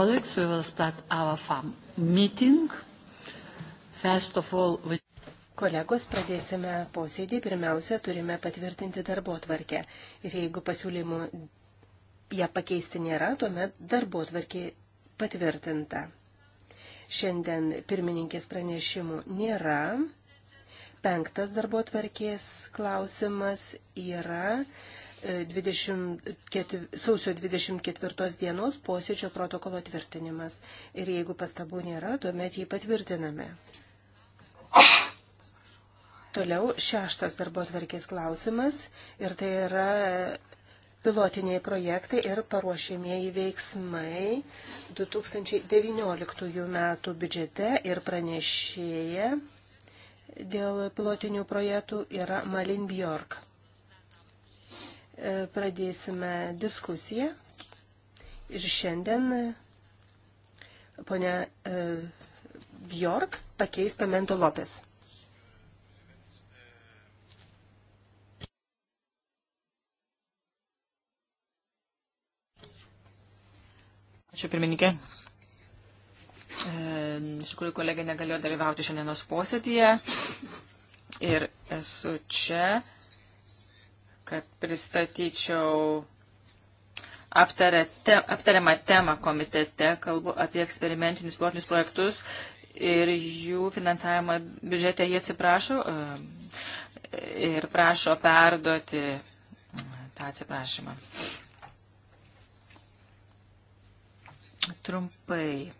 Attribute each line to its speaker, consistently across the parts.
Speaker 1: colleagues, we will start our farm meeting. First of all, we... Kolegos, pradėsime posėdį. Pirmiausia, turime patvirtinti darbo tvarkę. Ir jeigu pasiūlymų ją pakeisti nėra, tuomet darbo tvarkė patvirtinta. Šiandien pirmininkės pranešimų nėra. Penktas darbo tvarkės klausimas yra 24, sausio 24 dienos posėdžio protokolo tvirtinimas. Ir jeigu pastabų nėra, tuomet jį patvirtiname. Toliau šeštas darbo atvarkės klausimas ir tai yra pilotiniai projektai ir paruošimieji veiksmai 2019 metų biudžete ir pranešėje dėl pilotinių projektų yra Malin Bjork. E, pradėsime diskusiją. Ir šiandien e, ponia e, Bjork pakeis Pamento Lopes.
Speaker 2: Ačiū pirmininkė. Iš tikrųjų, kolegė negalėjo dalyvauti šiandienos posėdėje ir esu čia kad pristatyčiau te, aptariamą temą komitete. Kalbu apie eksperimentinius plotinius projektus ir jų finansavimą biudžete. Jie atsiprašo e, ir prašo perduoti e, tą atsiprašymą. Trumpai.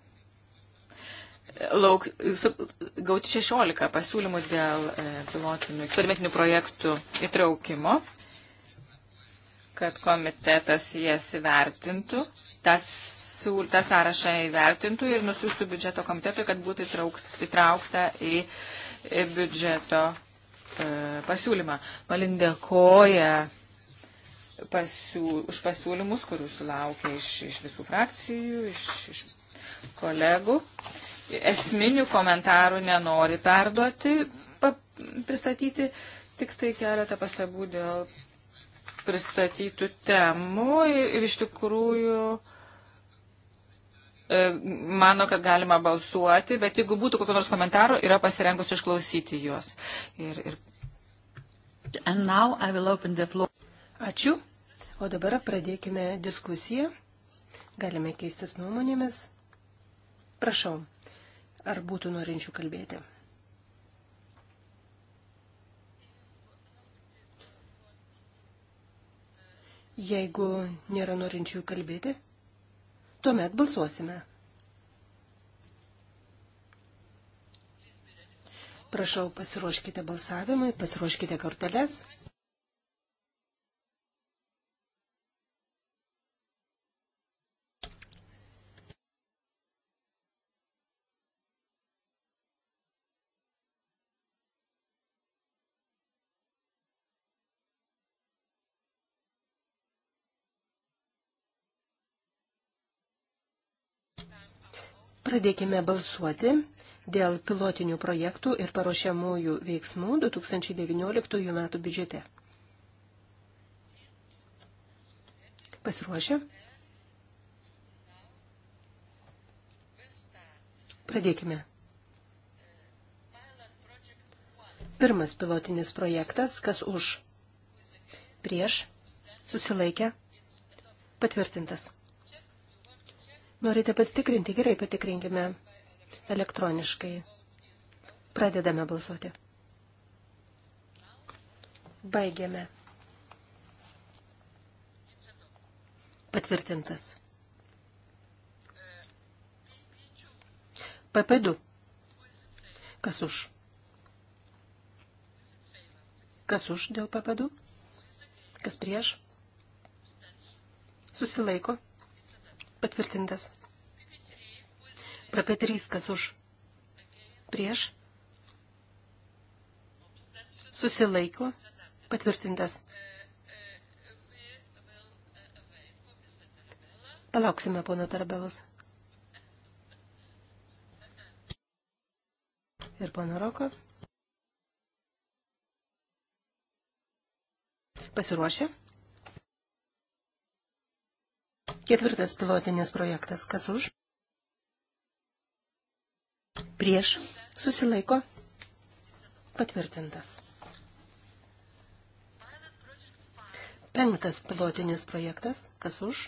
Speaker 2: Lauk, gauti 16 pasiūlymų dėl e, pilotinių eksperimentinių projektų įtraukimo kad komitetas jas įvertintų, tas, tą sąrašą įvertintų ir nusiųstų biudžeto komitetui, kad būtų įtraukta į biudžeto e, pasiūlymą. Malin dėkoja pasiū, už pasiūlymus, kurių sulaukia iš, iš visų frakcijų, iš, iš kolegų. Esminių komentarų nenori perduoti, pa, pristatyti tik tai keletą pastabų dėl pristatytų temų ir iš tikrųjų e, mano, kad galima balsuoti, bet jeigu būtų kokio nors komentaro, yra pasirengusi išklausyti juos. Ir, ir...
Speaker 1: Ačiū. O dabar pradėkime diskusiją. Galime keistis nuomonėmis. Prašau, ar būtų norinčių kalbėti? Jeigu nėra norinčių kalbėti, tuomet balsuosime. Prašau, pasiruoškite balsavimui, pasiruoškite korteles. Pradėkime balsuoti dėl pilotinių projektų ir paruošiamųjų veiksmų 2019 m. biudžete. Pasiruošę? Pradėkime. Pirmas pilotinis projektas, kas už, prieš, susilaikę, patvirtintas. Norite pasitikrinti? Gerai, patikrinkime elektroniškai. Pradedame balsuoti. Baigiame. Patvirtintas. PP2. Kas už? Kas už dėl papadu? Kas prieš? Susilaiko. Patvirtintas. PP3 kas už prieš susilaiko patvirtintas. Palauksime pono Tarabelus. Ir pono Roko. Pasiruošę? Ketvirtas pilotinis projektas. Kas už? prieš, susilaiko, patvirtintas. Penktas pilotinis projektas, kas už,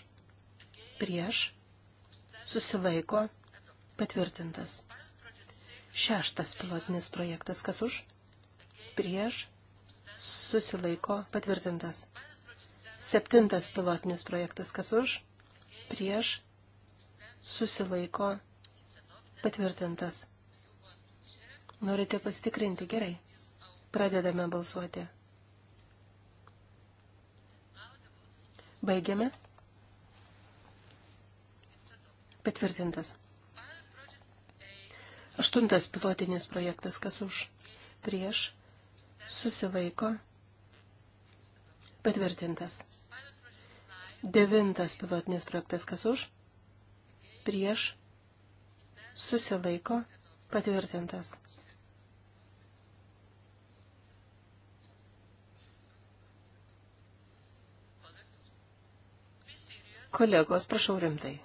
Speaker 1: prieš, susilaiko, patvirtintas. Šeštas pilotinis projektas, kas už, prieš, susilaiko, patvirtintas. Septintas pilotinis projektas, kas už, prieš, susilaiko, patvirtintas. Norite pasitikrinti? Gerai. Pradedame balsuoti. Baigiame. Patvirtintas. Aštuntas pilotinis projektas, kas už, prieš, susilaiko, patvirtintas. Devintas pilotinis projektas, kas už, prieš, susilaiko, patvirtintas. Kolegos, prašau rimtai.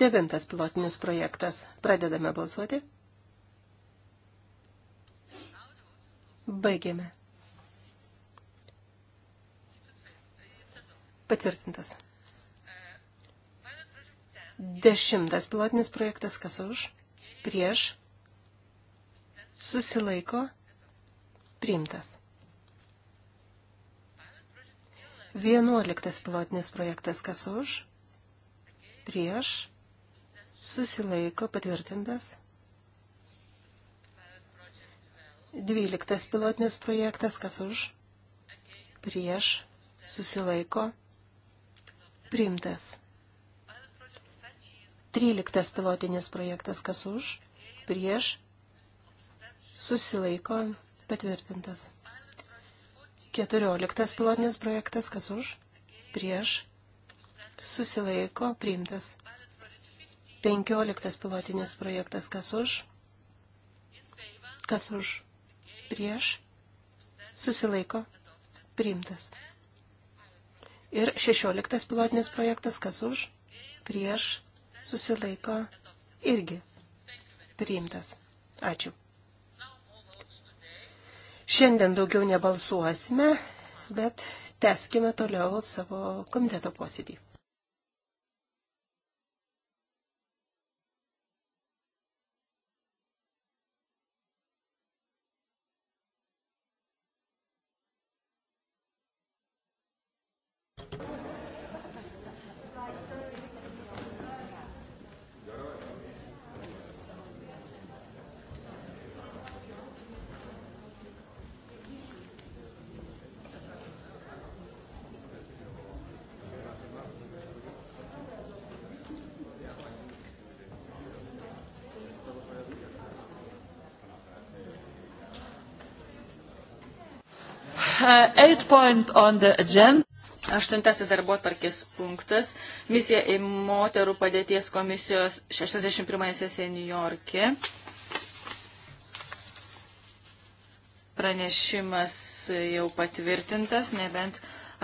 Speaker 1: Devintas pilotinis projektas. Pradedame balsuoti. Baigėme. Patvirtintas. Dešimtas pilotinis projektas. Kas už? Prieš. Susilaiko. Priimtas. Vienuoliktas pilotinis projektas kas už, prieš, susilaiko patvirtintas. Dvyliktas pilotinis projektas kas už, prieš, susilaiko priimtas. Tryliktas pilotinis projektas kas už, prieš, susilaiko patvirtintas. 14 pilotinis projektas, kas už, prieš, susilaiko, priimtas. 15 pilotinis projektas, kas už, kas už, prieš, susilaiko, priimtas. Ir 16 pilotinis projektas, kas už, prieš, susilaiko, irgi priimtas. Ačiū. Šiandien daugiau nebalsuosime, bet teskime toliau savo komiteto posėdį.
Speaker 3: Uh,
Speaker 2: Aštuntasis darbo atvarkės punktas – misija į moterų padėties komisijos 61 sesiją New York'e. Pranešimas jau patvirtintas, nebent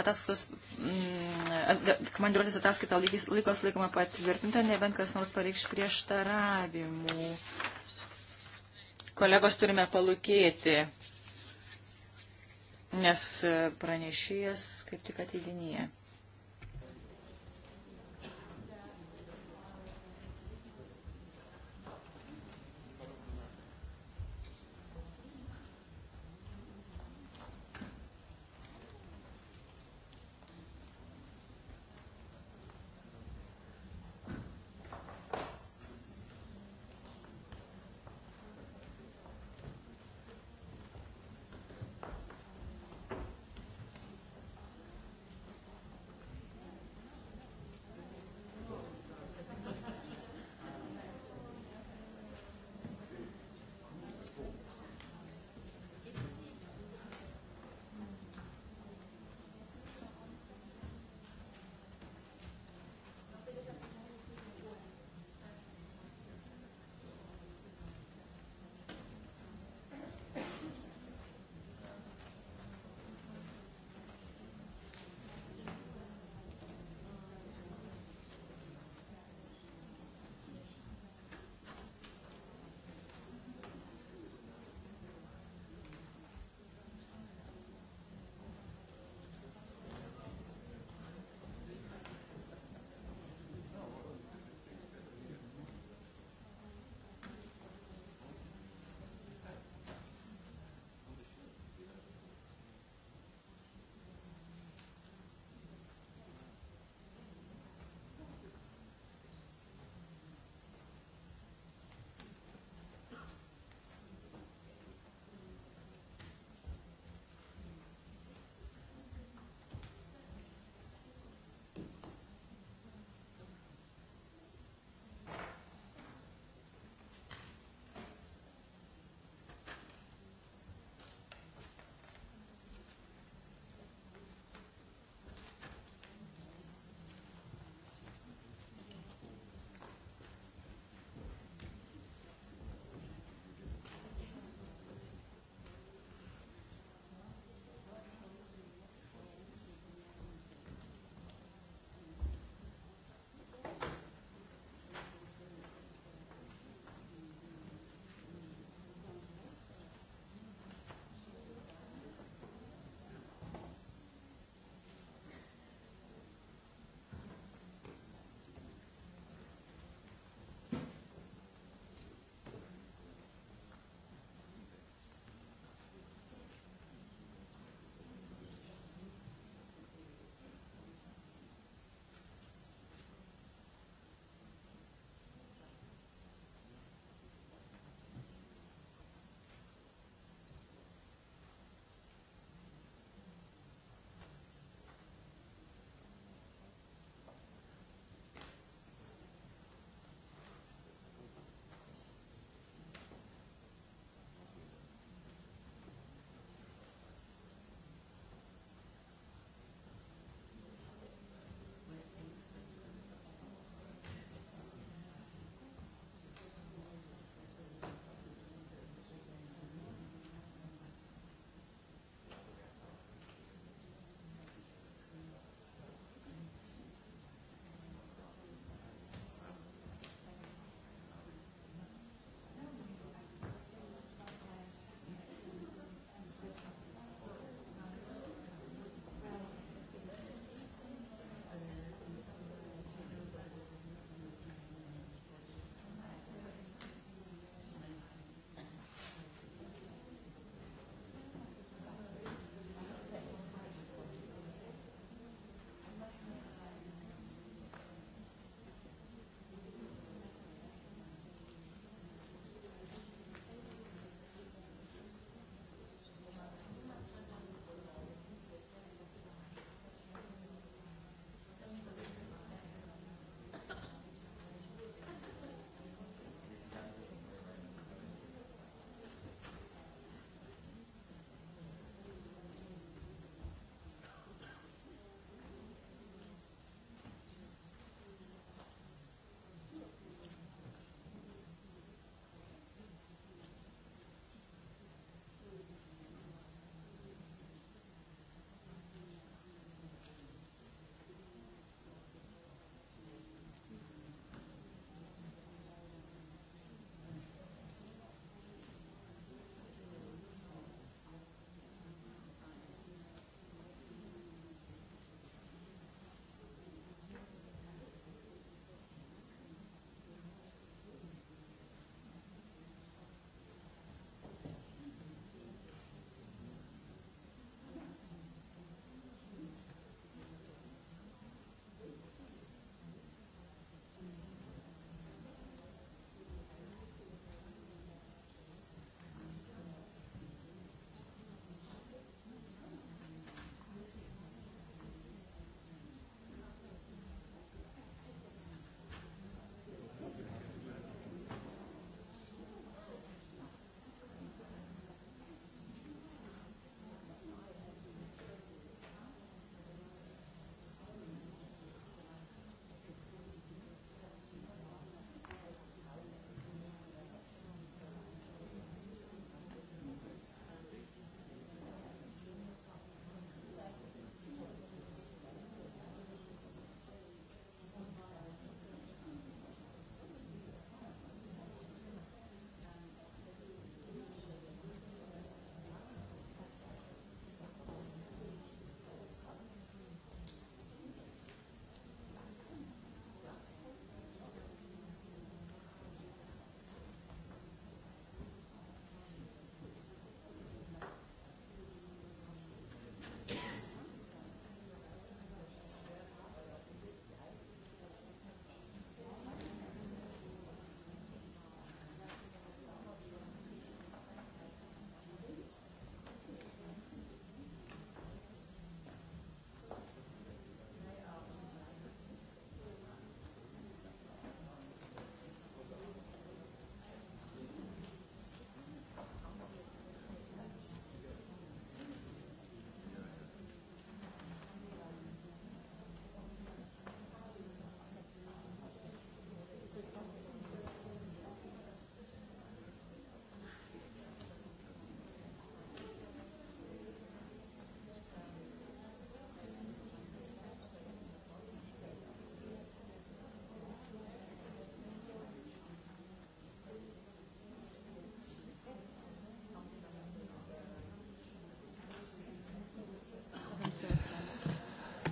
Speaker 2: ataskaitos, mm, komandiruotės ataskaita laikos laikoma patvirtinta, nebent kas nors pareikš prieštaravimų. Kolegos turime palūkėti nes pranešėjas kaip tik ateidinėja.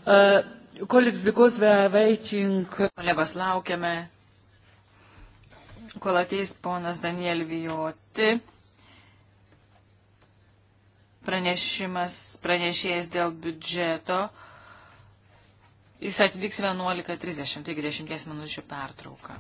Speaker 2: Uh, colleagues, because we are waiting. Kolegos, laukiame, kol ateis ponas Daniel Vijoti. Pranešimas, pranešėjas dėl biudžeto. Jis atvyks 11.30, taigi 10 minučių pertrauka.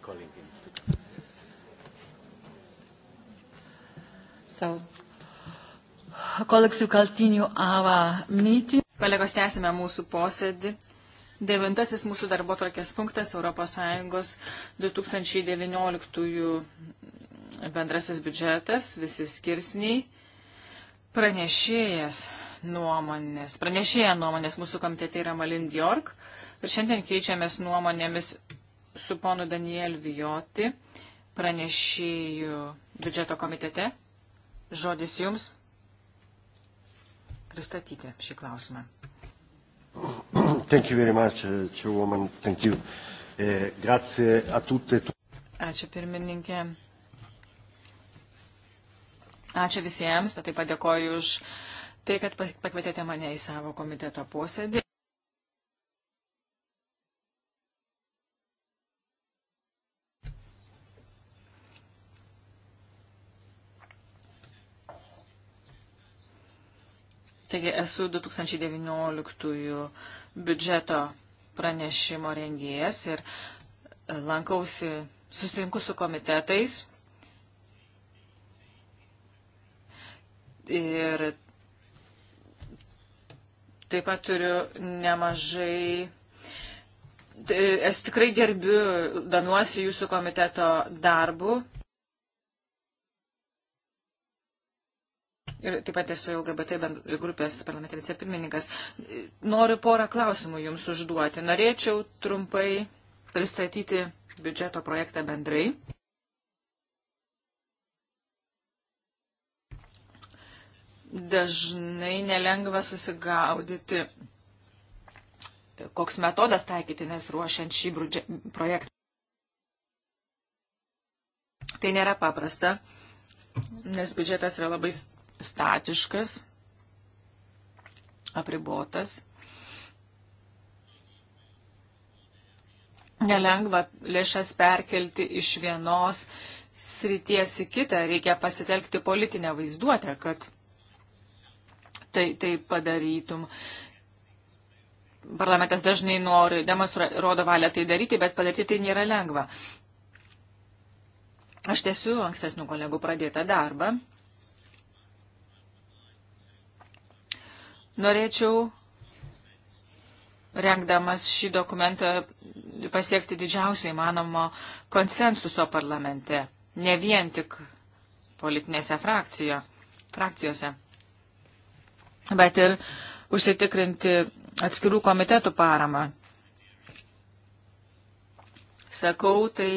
Speaker 3: calling him to come. So, colleagues, we continue our meeting.
Speaker 2: Kolegos, tęsime mūsų posėdį. Devintasis mūsų darbo tvarkės punktas ES 2019 bendrasis biudžetas, visi skirsniai, pranešėjas nuomonės. Pranešėja nuomonės mūsų komitete yra Malin Bjork ir šiandien keičiamės nuomonėmis su ponu Daniel Vijoti, pranešėjų biudžeto komitete. Žodis jums pristatyti šį klausimą. Thank you very much, uh, Chairwoman. Thank you. Eh, grazie a tutte. E Ačiū pirmininkė. Ačiū visiems, taip pat dėkoju už tai, kad pakvietėte mane į savo komiteto posėdį. Taigi esu 2019 biudžeto pranešimo rengėjas ir e, lankausi, susitinku su komitetais. Ir taip pat turiu nemažai. E, esu tikrai gerbiu, domiuosi jūsų komiteto darbu ir taip pat esu LGBT grupės parlamentarėse pirmininkas. Noriu porą klausimų jums užduoti. Norėčiau trumpai pristatyti biudžeto projektą bendrai. Dažnai nelengva susigaudyti, koks metodas taikyti, nes ruošiant šį projektą. Tai nėra paprasta, nes biudžetas yra labai statiškas, apribotas. Nelengva lėšas perkelti iš vienos srities į kitą, reikia pasitelkti politinę vaizduotę, kad tai, tai padarytum. Parlamentas dažnai nori, demonstruoja valią tai daryti, bet padaryti tai nėra lengva. Aš tiesiu ankstesnių kolegų pradėtą darbą Norėčiau, rengdamas šį dokumentą, pasiekti didžiausio įmanomo konsensuso parlamente, ne vien tik politinėse frakcijo, frakcijose, bet ir užsitikrinti atskirų komitetų paramą. Sakau, tai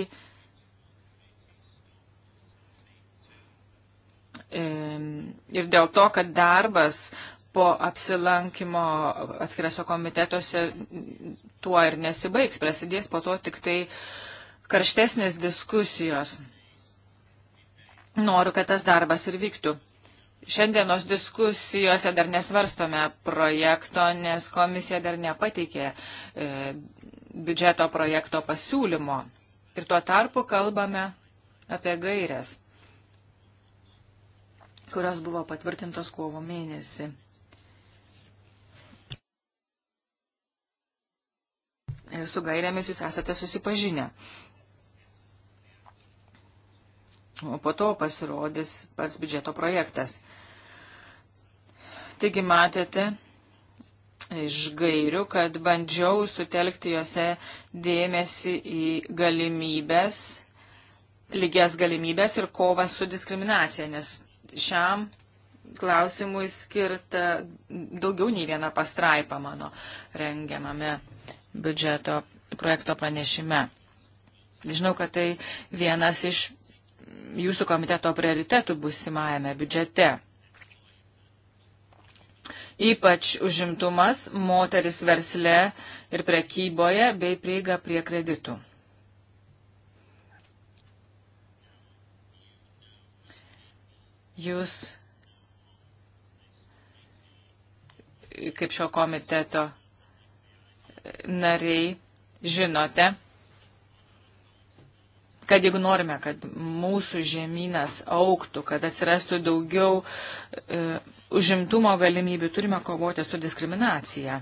Speaker 2: ir dėl to, kad darbas po apsilankimo atskiriuose komitetuose tuo ir nesibaigs, prasidės po to tik tai karštesnės diskusijos. Noriu, kad tas darbas ir vyktų. Šiandienos diskusijose dar nesvarstome projekto, nes komisija dar nepateikė e, biudžeto projekto pasiūlymo. Ir tuo tarpu kalbame apie gairias, kurios buvo patvirtintos kovo mėnesį. su gairėmis jūs esate susipažinę. O po to pasirodys pats biudžeto projektas. Taigi matėte iš gairių, kad bandžiau sutelkti juose dėmesį į galimybės, lygias galimybės ir kovą su diskriminacija, nes šiam klausimui skirta daugiau nei viena pastraipa mano rengiamame biudžeto projekto pranešime. Žinau, kad tai vienas iš jūsų komiteto prioritetų busimajame biudžete. Ypač užimtumas, moteris versle ir prekyboje bei prieiga prie kreditų. Jūs, kaip šio komiteto nariai žinote, kad jeigu norime, kad mūsų žemynas auktų, kad atsirastų daugiau e, užimtumo galimybių, turime kovoti su diskriminacija.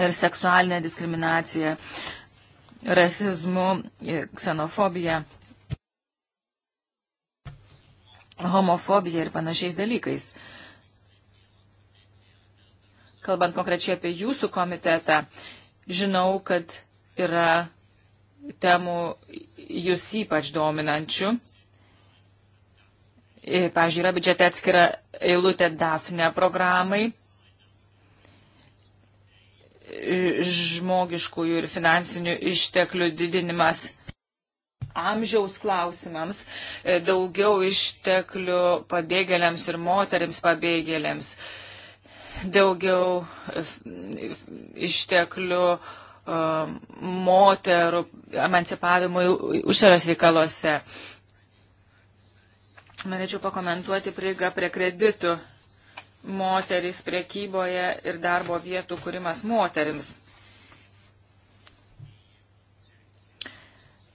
Speaker 2: Ir seksualinė diskriminacija, rasizmu, e, ksenofobija, homofobija ir panašiais dalykais. E, kalbant konkrečiai apie jūsų komitetą, žinau, kad yra temų jūs ypač dominančių. E, pavyzdžiui, yra biudžete atskira eilutė DAFNE programai žmogiškųjų ir finansinių išteklių didinimas amžiaus klausimams, e, daugiau išteklių pabėgėliams ir moteriams pabėgėliams daugiau išteklių e, moterų emancipavimui užsienio reikalose. Norėčiau pakomentuoti prieigą prie kreditų moterys priekyboje ir darbo vietų kūrimas moterims.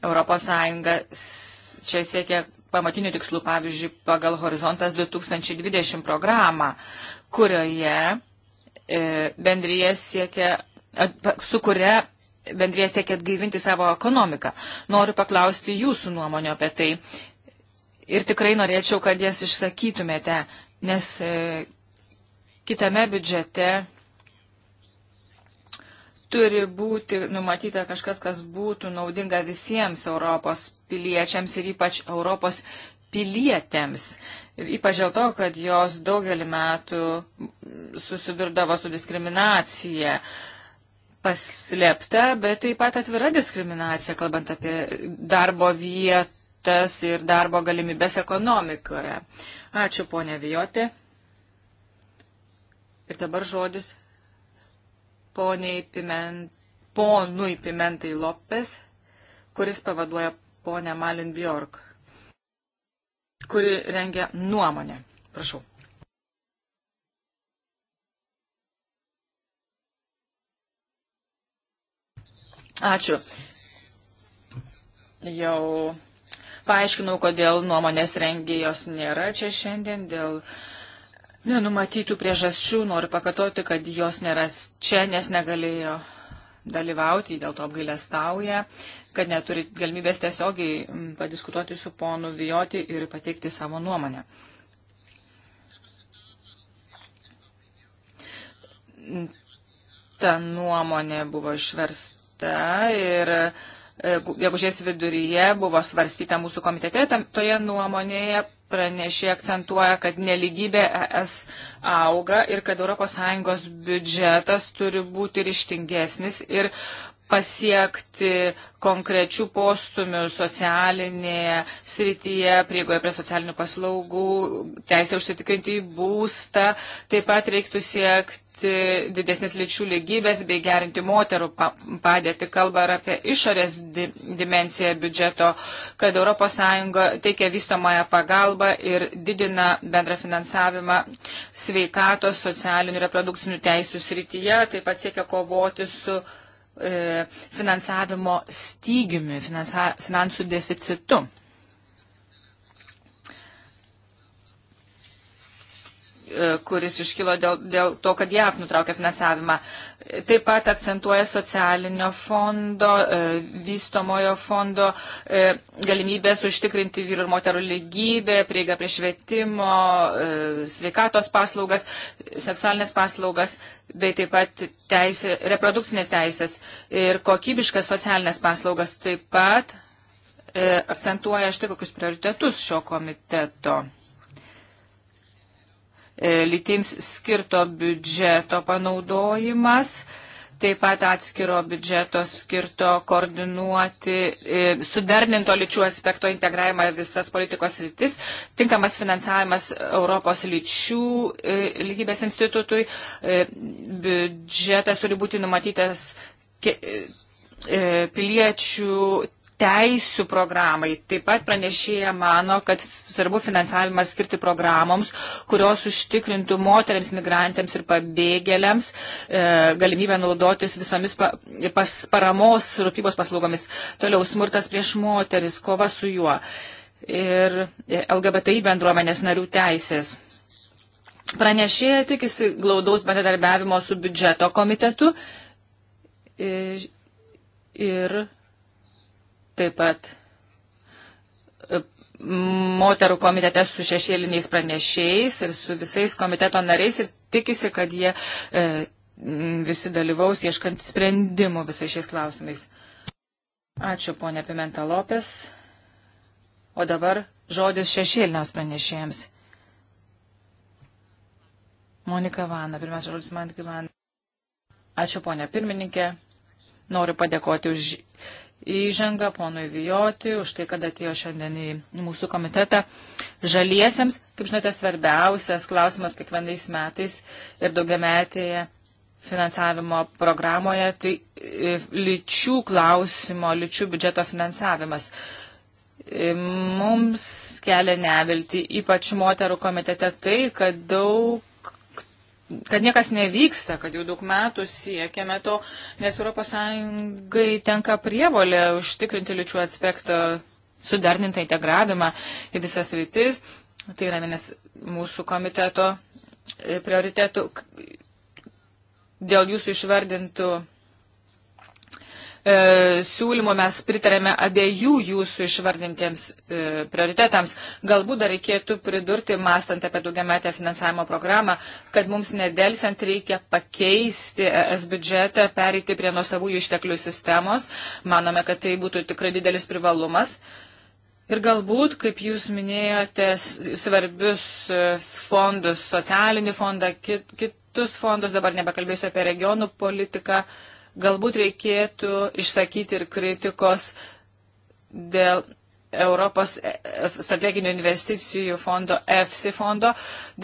Speaker 2: Europos Sąjunga čia siekia pamatinių tikslų, pavyzdžiui, pagal Horizontas 2020 programą, kurioje e, bendryje siekia, su kuria bendryje siekia atgaivinti savo ekonomiką. Noriu paklausti jūsų nuomonio apie tai. Ir tikrai norėčiau, kad jas išsakytumėte, nes e, kitame biudžete turi būti numatyta kažkas, kas būtų naudinga visiems Europos piliečiams ir ypač Europos pilietėms. Ypač dėl to, kad jos daugelį metų susidurdavo su diskriminacija paslėpta, bet taip pat atvira diskriminacija, kalbant apie darbo vietas ir darbo galimybės ekonomikoje. Ačiū, ponė Vijotė. Ir dabar žodis poniai Piment, ponui Pimentai Lopes, kuris pavaduoja ponę Malin Bjork, kuri rengia nuomonę. Prašau. Ačiū. Jau paaiškinau, kodėl nuomonės rengėjos nėra čia šiandien, dėl uh, nenumatytų priežasčių, noriu pakatoti, kad jos nėra čia, nes negalėjo dalyvauti, dėl to apgailestauja, kad neturi galimybės tiesiogiai padiskutuoti su ponu Vijoti ir pateikti savo nuomonę. Ta nuomonė buvo išversta ir e, gegužės viduryje buvo svarstyta mūsų komitete, toje nuomonėje pranešė akcentuoja, kad neligybė ES auga ir kad ES biudžetas turi būti ryštingesnis ir pasiekti konkrečių postumių socialinėje srityje, priegoje prie socialinių paslaugų, teisę užsitikrinti į būstą. Taip pat reiktų siekti siekti didesnės lyčių lygybės bei gerinti moterų padėtį. Kalba ir apie išorės di dimenciją biudžeto, kad ES teikia vystomąją pagalbą ir didina bendrą finansavimą sveikatos, socialinių ir reprodukcinių teisų srityje, taip pat siekia kovoti su e, finansavimo stygiumi, finansa, finansų deficitu. E, kuris iškilo dėl, dėl to, kad JAV nutraukė finansavimą. Taip pat akcentuoja socialinio fondo, e, vystomojo fondo e, galimybės užtikrinti vyrų ir moterų lygybę, prieigą prie švietimo, sveikatos paslaugas, seksualinės paslaugas, bei taip pat teisė, reprodukcinės teisės ir kokybiškas socialinės paslaugas. Taip pat akcentuoja štai kokius prioritetus šio komiteto. E, lytims skirto biudžeto panaudojimas, taip pat atskiro biudžeto skirto koordinuoti, e, sudarninto lyčių aspekto integravimą visas politikos rytis, tinkamas finansavimas Europos lyčių e, lygybės institutui, biudžetas turi būti numatytas piliečių teisų programai. Taip pat pranešėja mano, kad svarbu finansavimas skirti programoms, kurios užtikrintų moteriams, migrantėms ir pabėgėliams e, galimybę naudotis visomis pa, pas, paramos rūpybos paslaugomis. Toliau smurtas prieš moteris, kova su juo ir LGBTI bendruomenės narių teisės. Pranešėja tikisi glaudaus bendradarbiavimo su biudžeto komitetu e, ir, ir Taip pat e, moterų komitete su šešėliniais pranešėjais ir su visais komiteto nariais ir tikisi, kad jie e, visi dalyvaus ieškant sprendimų visais šiais klausimais. Ačiū, ponė Pimenta Lopes. O dabar žodis šešėliniams pranešėjams. Monika Vana, pirmiausia žodis man Vana. Ačiū, ponė pirmininkė. Noriu padėkoti už įžangą ponui Vijoti, už tai, kad atėjo šiandien į mūsų komitetą. Žaliesiems, kaip žinote, svarbiausias klausimas kiekvienais metais ir daugiametėje finansavimo programoje, tai e, lyčių klausimo, lyčių biudžeto finansavimas. E, mums kelia nevilti, ypač moterų komitete, tai, kad daug kad niekas nevyksta, kad jau daug metų siekiame to, nes ES tenka prievolė užtikrinti lyčių aspektą, sudarnintą integravimą į visas rytis. Tai yra vienas mūsų komiteto prioritetų. Dėl jūsų išvardintų e, siūlymų mes pritarėme abiejų jūsų išvardintiems e, prioritetams. Galbūt dar reikėtų pridurti, mastant apie daugiametę finansavimo programą, kad mums nedelsiant reikia pakeisti ES biudžetą, pereiti prie nuosavųjų išteklių sistemos. Manome, kad tai būtų tikrai didelis privalumas. Ir galbūt, kaip jūs minėjote, svarbius e, fondus, socialinį fondą, kit, kitus fondus, dabar nebekalbėsiu apie regionų politiką, uh, Galbūt reikėtų išsakyti ir kritikos dėl Europos e, e, strateginio investicijų fondo EFSI fondo,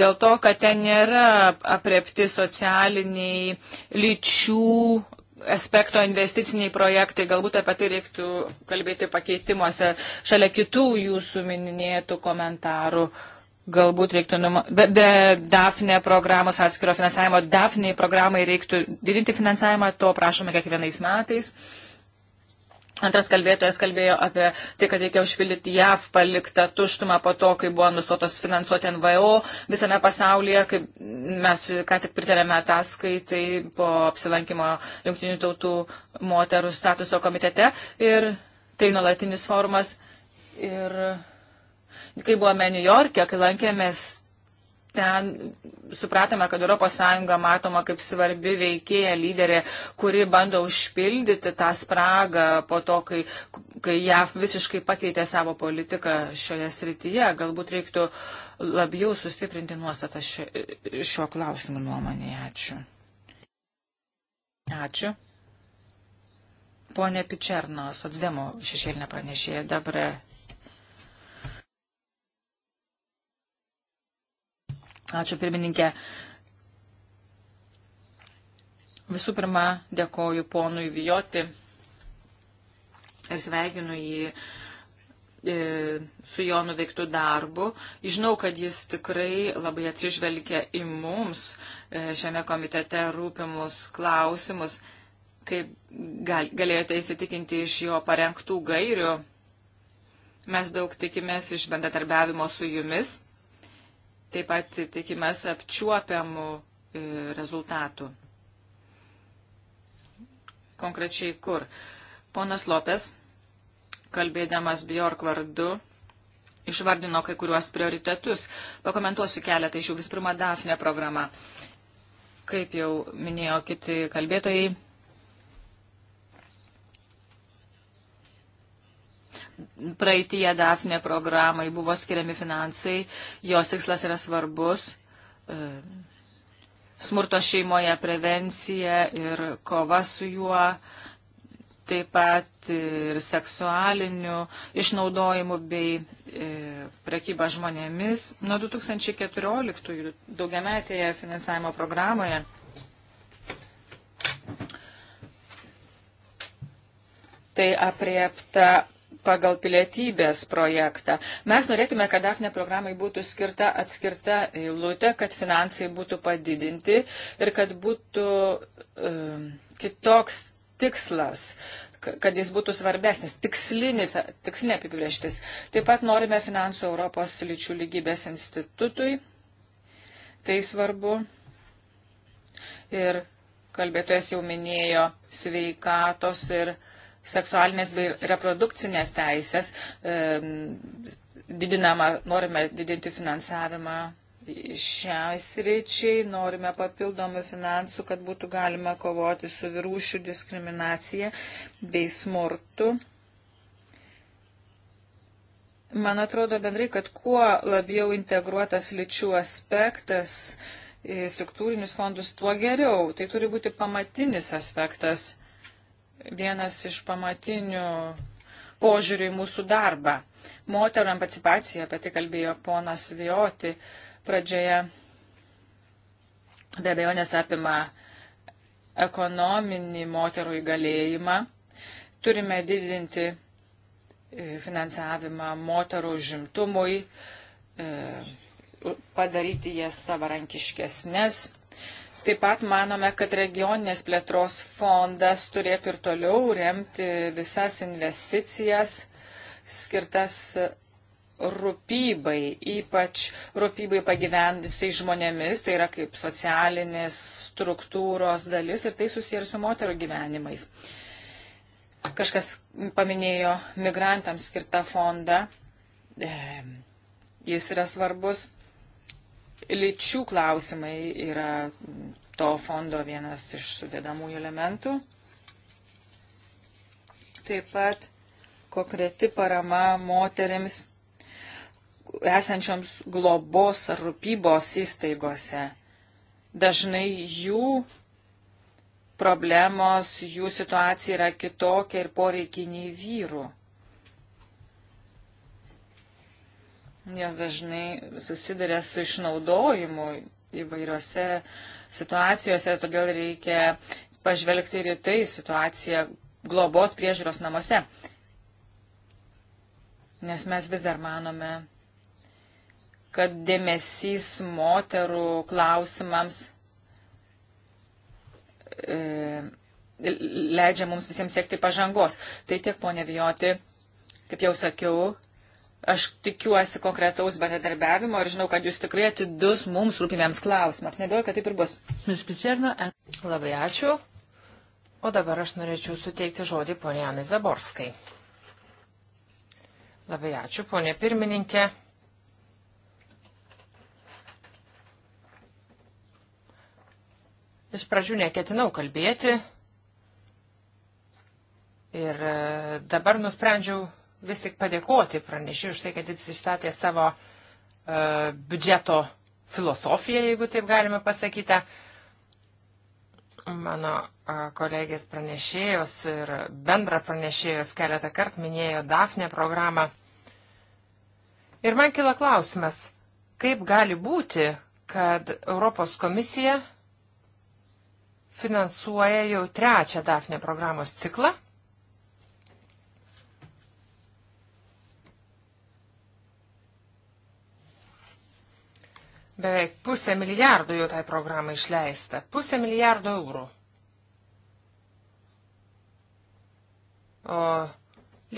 Speaker 2: dėl to, kad ten nėra apriepti socialiniai lyčių aspekto investiciniai projektai, galbūt apie tai reiktų kalbėti pakeitimuose šalia kitų jūsų minėtų komentarų. Uh, galbūt reiktų, numa... be, be DAFNE programos atskiro finansavimo, DAFNE programai reiktų didinti finansavimą, to prašome kiekvienais metais. Antras kalbėtojas kalbėjo apie tai, kad reikia užpildyti JAV paliktą tuštumą po to, kai buvo nustotos finansuoti NVO visame pasaulyje, kaip mes ką tik pritarėme ataskaitai po apsilankimo Junktinių tautų moterų statuso komitete ir tai nuolatinis forumas. Ir Kai buvome New York'e, kai lankėmės ten supratome, kad ES matoma kaip svarbi veikėja, lyderė, kuri bando užpildyti tą spragą po to, kai, kai JAF visiškai pakeitė savo politiką šioje srityje. Galbūt reiktų labiau sustiprinti nuostatą šio, šio klausimu nuomonėje. Ačiū. Ačiū. Pone Pičerno, Sotsdemo šešėlinė pranešėja, dabar Ačiū pirmininkė. Visų pirma, dėkoju ponui Vijoti ir sveikinu jį e, su jo nuveiktų darbu. Žinau, kad jis tikrai labai atsižvelgia į mums e, šiame komitete rūpimus klausimus, kaip gal, galėjote įsitikinti iš jo parengtų gairių. Mes daug tikimės iš bendradarbiavimo su jumis. Taip pat tikimės apčiuopiamų e, rezultatų. Konkrečiai kur? Ponas Lopes, kalbėdamas Bjork vardu, išvardino kai kuriuos prioritetus. Pakomentuosiu keletą iš jų. Visų pirma, Dafne programa. Kaip jau minėjo kiti kalbėtojai, praeitie DAFNE programai buvo skiriami finansai, jos tikslas yra svarbus. E, smurto šeimoje prevencija ir kova su juo, taip pat ir seksualiniu išnaudojimu bei e, prekyba žmonėmis. Nuo 2014 daugiametėje finansavimo programoje tai apriepta pagal pilietybės projektą. Mes norėtume, kad DAFNE programai būtų skirta atskirta eilutė, kad finansai būtų padidinti ir kad būtų um, kitoks tikslas kad jis būtų svarbesnis, tikslinis, tikslinė apibrieštis. Taip pat norime finansų Europos lyčių lygybės institutui. Tai svarbu. Ir kalbėtojas jau minėjo sveikatos ir uh, seksualinės bei reprodukcinės teisės, didinama, norime didinti finansavimą šiai sričiai, norime papildomų finansų, kad būtų galima kovoti su virūšių diskriminacija bei smurtu. Man atrodo bendrai, kad kuo labiau integruotas lyčių aspektas į struktūrinius fondus, tuo geriau. Tai turi būti pamatinis aspektas vienas iš pamatinių požiūrių į mūsų darbą. Moterų emancipacija, apie tai kalbėjo ponas Vioti pradžioje, be abejonės apima ekonominį moterų įgalėjimą. Turime didinti e, finansavimą moterų žimtumui, e, padaryti jas savarankiškesnės Taip pat manome, kad regioninės plėtros fondas turėtų ir toliau remti visas investicijas skirtas rūpybai, ypač rūpybai pagyvendusiai žmonėmis, tai yra kaip socialinės struktūros dalis ir tai susiję ir su moterų gyvenimais. Kažkas paminėjo migrantams skirtą fondą, ehm, jis yra svarbus Lyčių klausimai yra to fondo vienas iš sudėdamųjų elementų. Taip pat konkreti parama moteriams esančioms globos ar rūpybos įstaigose. Dažnai jų problemos, jų situacija yra kitokia ir poreikiai nei vyrų. Jos dažnai susiduria su išnaudojimu įvairiose situacijose, todėl reikia pažvelgti ir į tai situaciją globos priežiūros namuose. Nes mes vis dar manome, kad dėmesys moterų klausimams e, leidžia mums visiems siekti pažangos. Tai tiek, ponė Vijoti, kaip jau sakiau, Aš tikiuosi konkretaus bendradarbiavimo ir žinau, kad jūs tikrai atidus mums rūpimiems klausimams. Nebejoju, kad taip ir bus.
Speaker 3: Labai ačiū. O dabar aš norėčiau suteikti žodį ponė Anai Zaborskai. Labai ačiū, ponė pirmininkė. Iš pradžių neketinau kalbėti ir e, dabar nusprendžiau vis tik padėkoti pranešiu už tai, kad jis išstatė savo uh, biudžeto filosofiją, jeigu taip galime pasakyti. Mano uh, kolegės pranešėjos ir bendra pranešėjos keletą kart minėjo DAFNE programą. Ir man kila klausimas, kaip gali būti, kad Europos komisija finansuoja jau trečią DAFNE programos ciklą Beveik pusę milijardų jau tai programai išleista. Pusę milijardo eurų. O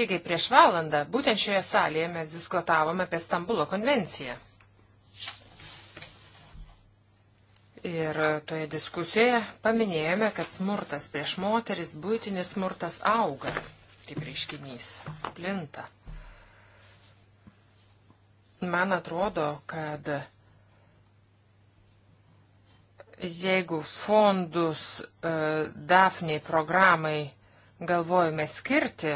Speaker 3: lygiai prieš valandą, būtent šioje salėje mes diskutavome apie Stambulo konvenciją. Ir toje diskusijoje paminėjome, kad smurtas prieš moteris, būtinis smurtas auga, kaip reiškinys, plinta. Man atrodo, kad jeigu fondus e, DAFNIai programai galvojame skirti,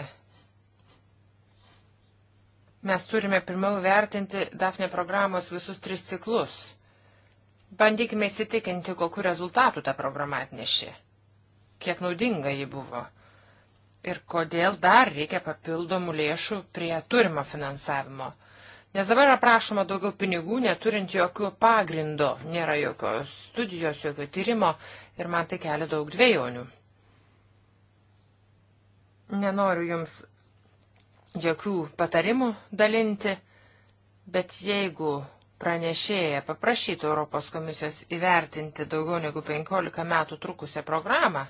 Speaker 3: mes turime pirmiau vertinti DAFNE programos visus tris ciklus. Bandykime įsitikinti, kokiu rezultatu ta programa atnešė, kiek naudinga ji buvo ir kodėl dar reikia papildomų lėšų prie turimo finansavimo. Nes dabar yra prašoma daugiau pinigų, neturint jokių pagrindo, nėra jokios studijos, jokio tyrimo ir man tai kelia daug dviejonių. Nenoriu jums jokių patarimų dalinti, bet jeigu pranešėja paprašytų Europos komisijos įvertinti daugiau negu 15 metų trukusią programą,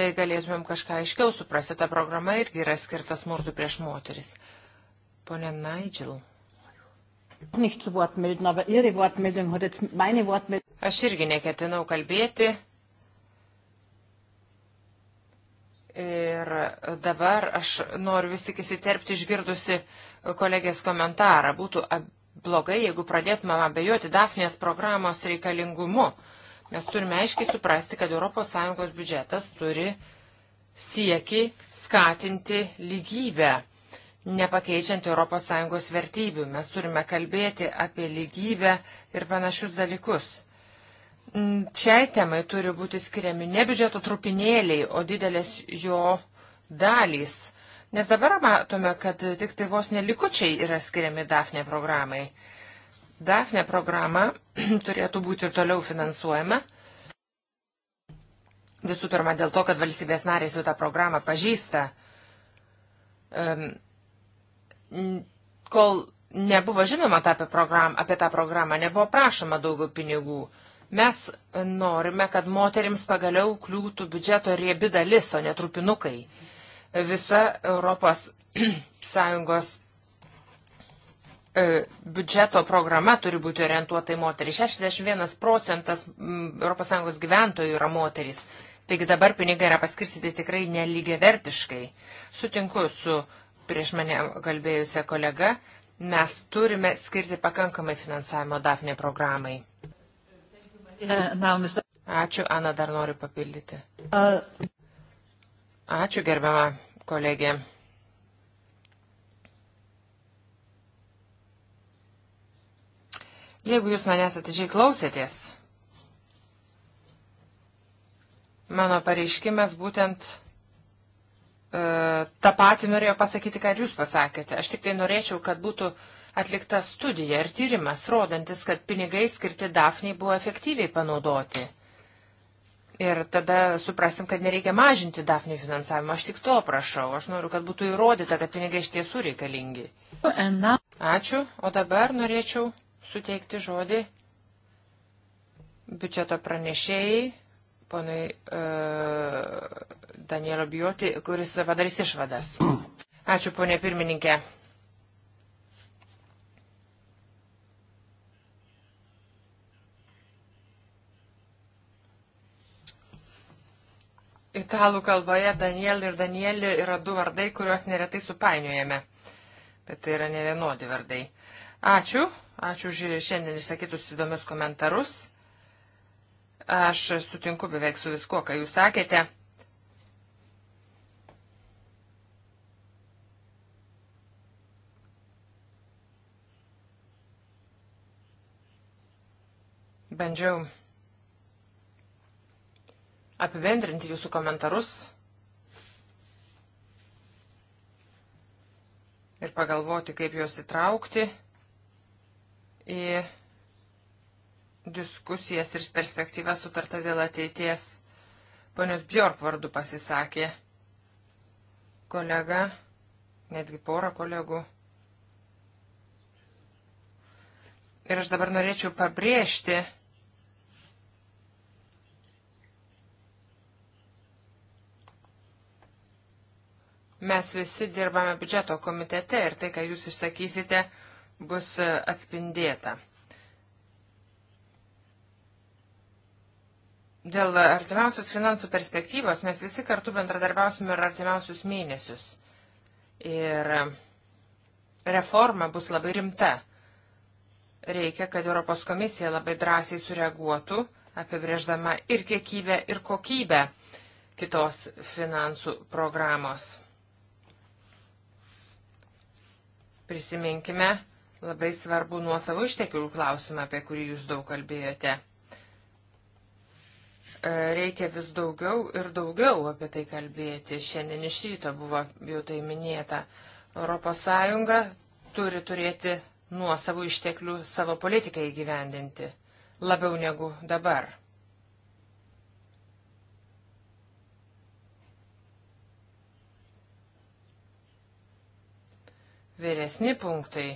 Speaker 3: tai galėtumėm kažką aiškiau suprasti. Ta programa irgi yra skirta smurtų prieš moteris. Pone Nigel. Aš irgi neketinau kalbėti. Ir dabar aš noriu vis tik įsiterpti išgirdusi kolegės komentarą. Būtų blogai, jeigu pradėtume abejoti Dafnės programos reikalingumu. Mes turime aiškiai suprasti, kad ES biudžetas turi sieki skatinti lygybę nepakeičiant ES vertybių. Mes turime kalbėti apie lygybę ir panašius dalykus. Mm, šiai temai turi būti skiriami ne biudžeto trupinėliai, o didelės jo dalys. Nes dabar matome, kad tik tai vos nelikučiai yra skiriami DAFNE programai. DAFNE programa turėtų būti ir toliau finansuojama. Visų pirma, dėl to, kad valstybės narės jau tą programą pažįsta. Um, kol nebuvo žinoma apie, program, apie tą programą, nebuvo prašoma daugiau pinigų. Mes norime, kad moterims pagaliau kliūtų biudžeto riebi dalis, o ne trupinukai. Visa Europos Sąjungos e, biudžeto programa turi būti orientuota į moterį. 61 procentas ES gyventojų yra moterys. Taigi dabar pinigai yra paskirstyti tikrai nelygiavertiškai. Sutinku su prieš mane kalbėjusią kolegą, mes turime skirti pakankamai finansavimo DAFNE programai. Ačiū, Ana, dar noriu papildyti. Ačiū, gerbiama kolegė. Jeigu jūs manęs atidžiai klausėtės, mano pareiškimas būtent E, tą patį norėjo pasakyti, ką jūs pasakėte. Aš tik tai norėčiau, kad būtų atlikta studija ir tyrimas, rodantis, kad pinigai skirti Dafniai buvo efektyviai panaudoti. Ir tada suprasim, kad nereikia mažinti Dafnių finansavimą. Aš tik to prašau. Aš noriu, kad būtų įrodyta, kad pinigai iš tiesų reikalingi.
Speaker 1: Ačiū.
Speaker 3: O dabar norėčiau suteikti žodį biudžeto pranešėjai ponai uh, e, Danielio Bijoti, kuris padarys išvadas. Ačiū, ponė pirmininkė. Italų kalboje Daniel ir Danielį yra du vardai, kuriuos neretai supainiojame. Bet tai yra ne vienodi vardai. Ačiū. Ačiū už šiandien išsakytus įdomius komentarus. Aš sutinku beveik su viskuo, ką jūs sakėte. Bandžiau apibendrinti jūsų komentarus ir pagalvoti, kaip juos įtraukti į diskusijas ir perspektyvas sutarta dėl ateities. Ponios Bjork vardu pasisakė. Kolega, netgi pora kolegų. Ir aš dabar norėčiau pabrėžti, Mes visi dirbame biudžeto komitete ir tai, ką jūs išsakysite, bus atspindėta. Dėl artimiausios finansų perspektyvos mes visi kartu bendradarbiausime ir artimiausius mėnesius. Ir reforma bus labai rimta. Reikia, kad Europos komisija labai drąsiai sureaguotų, apibrėždama ir kiekybę, ir kokybę kitos finansų programos. Prisiminkime labai svarbų nuosavų išteklių klausimą, apie kurį jūs daug kalbėjote. E, reikia vis daugiau ir daugiau apie tai kalbėti. Šiandien iš ryto buvo jau tai minėta. ES turi turėti nuo savo išteklių savo politiką įgyvendinti labiau negu dabar. Vyresni punktai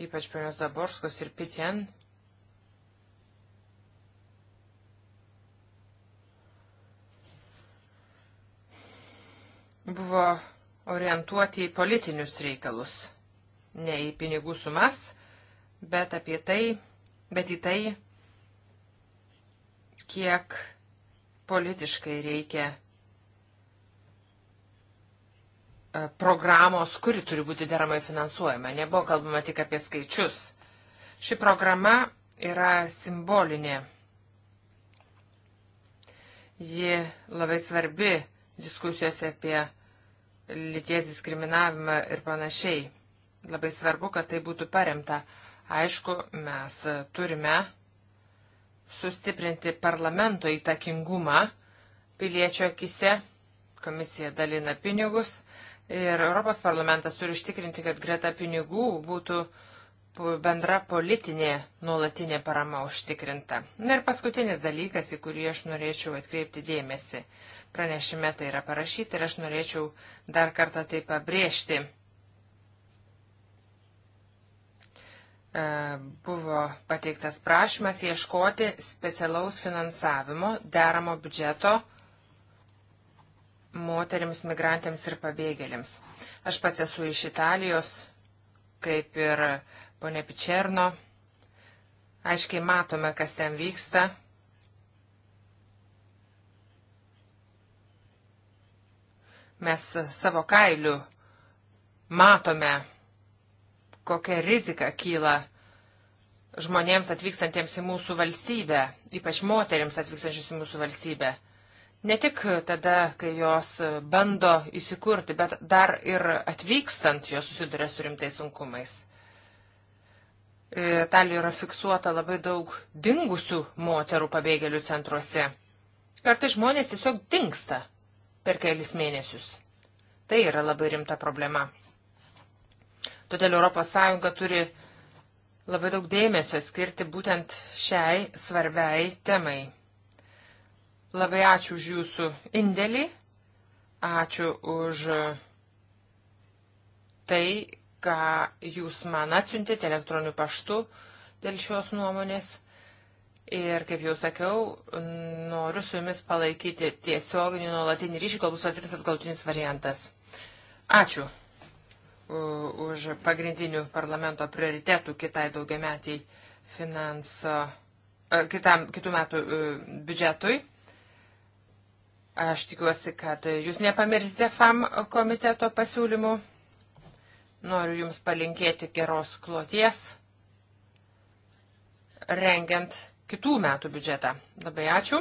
Speaker 3: ypač ponios Zaborskos ir Pitien. buvo orientuoti į politinius reikalus, ne į pinigų sumas, bet apie tai, bet į tai, kiek politiškai reikia E, programos, kuri turi būti deramai finansuojama. Nebuvo kalbama tik apie skaičius. Ši programa yra simbolinė. Ji labai svarbi diskusijose apie lyties diskriminavimą ir panašiai. Labai svarbu, kad tai būtų paremta. Aišku, mes turime sustiprinti parlamento įtakingumą piliečio akise. Komisija dalina pinigus, Ir Europos parlamentas turi užtikrinti, kad greta pinigų būtų bendra politinė nuolatinė parama užtikrinta. Na ir paskutinis dalykas, į kurį aš norėčiau atkreipti dėmesį. Pranešime tai yra parašyta ir aš norėčiau dar kartą tai pabrėžti. E, buvo pateiktas prašymas ieškoti specialaus finansavimo, deramo biudžeto moteriams, migrantėms ir pabėgėliams. Aš pats esu iš Italijos, kaip ir ponė Pičerno. Aiškiai matome, kas ten vyksta. Mes savo kailių matome, kokia rizika kyla žmonėms atvykstantiems į mūsų valstybę, ypač moteriams atvykstančius į mūsų valstybę. Ne tik tada, kai jos bando įsikurti, bet dar ir atvykstant jos susiduria su rimtais sunkumais. E, Italijoje yra fiksuota labai daug dingusių moterų pabėgėlių centruose. Kartai žmonės tiesiog dinksta per kelis mėnesius. Tai yra labai rimta problema. Todėl ES turi labai daug dėmesio skirti būtent šiai svarbiai temai. Labai ačiū už jūsų indėlį, ačiū už tai, ką jūs man atsiuntėte elektroniniu paštu dėl šios nuomonės. Ir kaip jau sakiau, noriu su jumis palaikyti tiesioginį nuolatinį ryšį, kol bus atsirinktas galutinis variantas. Ačiū už pagrindinių parlamento prioritetų kitai daugiametiai finanso, e, kitam, kitų metų e, biudžetui. Aš tikiuosi, kad jūs nepamirsite FAM komiteto pasiūlymų. Noriu Jums palinkėti geros kloties, rengiant kitų metų biudžetą. Labai ačiū.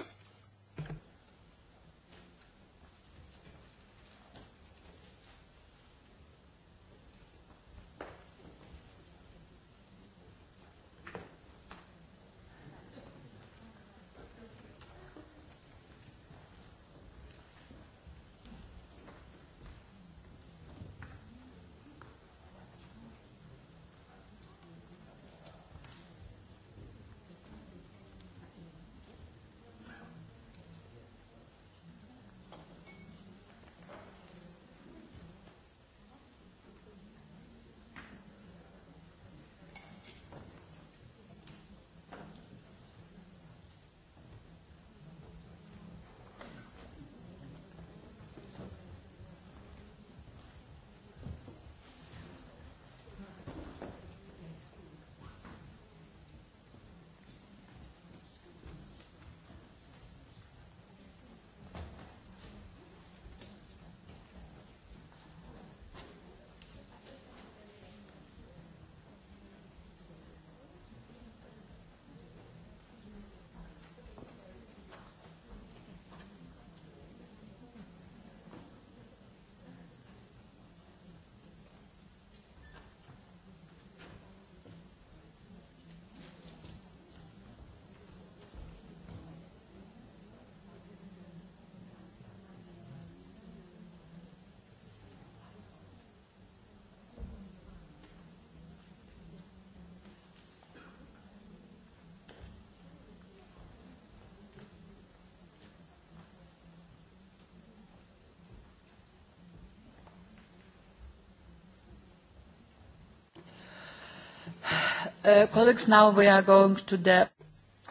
Speaker 3: Uh,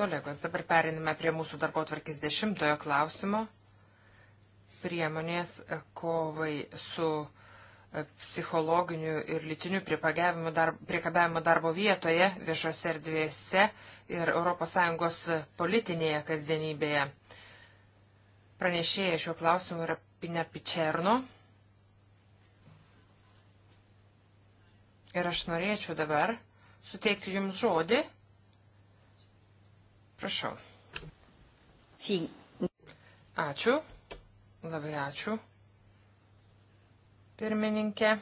Speaker 3: Kolegos, dabar perinime prie mūsų darbo tvarkės dešimtojo klausimo. Priemonės uh, kovai su uh, psichologiniu ir lytiniu darb, priekabiavimu darbo vietoje, viešose erdvėse ir ES politinėje kasdienybėje. Pranešėja šiuo klausimu yra Pina Pičerno. Ir aš norėčiau dabar suteikti Jums žodį. Prašau. Ačiū. Labai ačiū. Pirmininkė.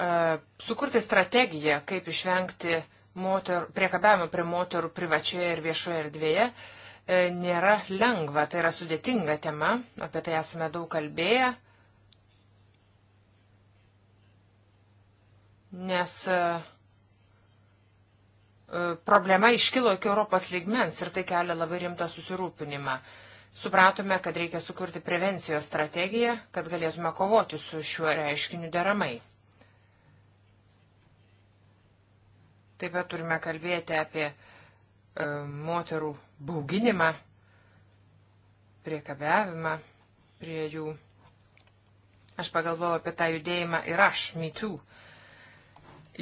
Speaker 3: E, sukurti strategiją, kaip išvengti moter, priekabiavimo prie moterų privačioje ir viešoje erdvėje, uh, E, nėra lengva, tai yra sudėtinga tema, apie tai esame daug kalbėję, nes e, e, problema iškilo iki Europos lygmens ir tai kelia labai rimtą susirūpinimą. Supratome, kad reikia sukurti prevencijos strategiją, kad galėtume kovoti su šiuo reiškiniu deramai. Taip pat turime kalbėti apie e, moterų bauginimą, priekabiavimą prie jų. Aš pagalvojau apie tą judėjimą ir aš, mitų.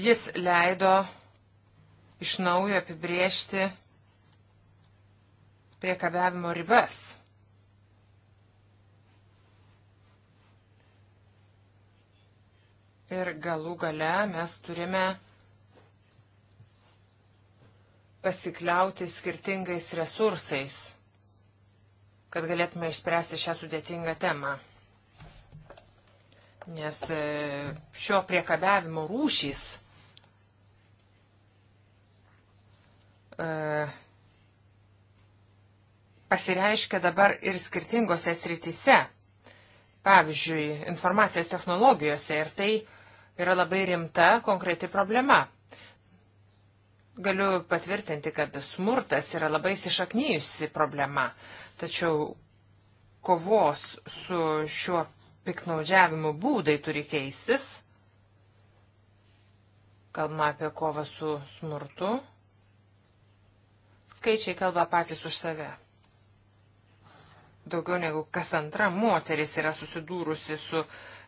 Speaker 3: Jis leido iš naujo apibriežti priekabiavimo ribas. Ir galų gale mes turime pasikliauti skirtingais resursais, kad galėtume išspręsti šią sudėtingą temą. Nes e, šio priekabiavimo rūšys e, pasireiškia dabar ir skirtingose srityse, pavyzdžiui, informacijos technologijose ir tai yra labai rimta konkreti problema. Galiu patvirtinti, kad smurtas yra labai sišaknyjusi problema, tačiau kovos su šiuo piknaudžiavimu būdai turi keistis. Kalbama apie kovą su smurtu. Skaičiai kalba patys už save. Daugiau negu kas antra moteris yra susidūrusi su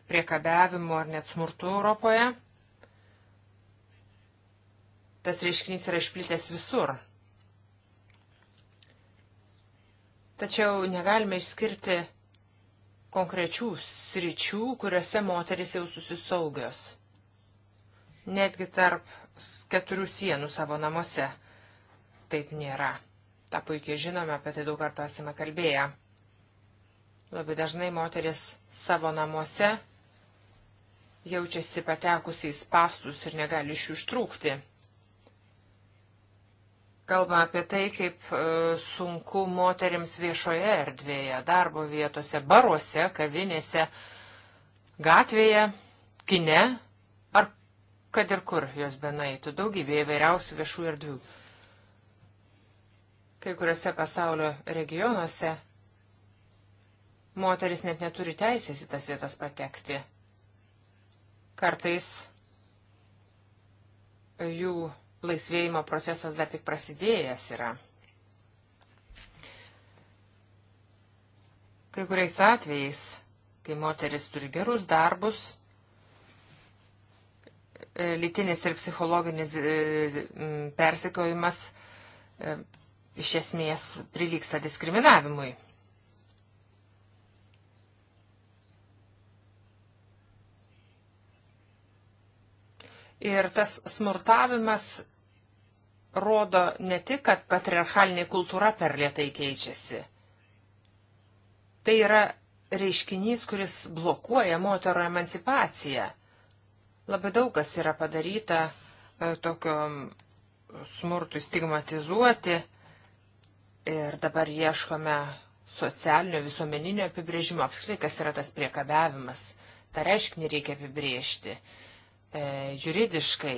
Speaker 3: priekabiavimu ar net smurtu Europoje. Tas reiškinys yra išplitęs visur. Tačiau negalime išskirti konkrečių sričių, kuriuose moteris jau susisaugios. Netgi tarp keturių sienų savo namuose taip nėra. Ta puikiai žinome, apie tai daug kartų esame kalbėję. Labai dažnai moteris savo namuose jaučiasi patekusiais pastus ir negali iš jų ištrūkti. Kalbame apie tai, kaip e, sunku moteriams viešoje erdvėje, darbo vietose, baruose, kavinėse, gatvėje, kine ar kad ir kur jos benaitų, daugybė įvairiausių viešų erdvių. Kai kuriuose pasaulio regionuose moteris net neturi teisės į tas vietas patekti. Kartais jų laisvėjimo procesas dar tik prasidėjęs yra. Kai kuriais atvejais, kai moteris turi gerus darbus, e, lytinis ir psichologinis e, persikiojimas e, iš esmės prilyksta diskriminavimui. Ir tas smurtavimas rodo ne tik, kad patriarchalinė kultūra per lietai keičiasi. Tai yra reiškinys, kuris blokuoja moterų emancipaciją. Labai daug kas yra padaryta e, tokio smurtui stigmatizuoti ir dabar ieškome socialinio visuomeninio apibrėžimo apskritai, kas yra tas priekabiavimas. Ta reiškinį reikia apibrėžti e, juridiškai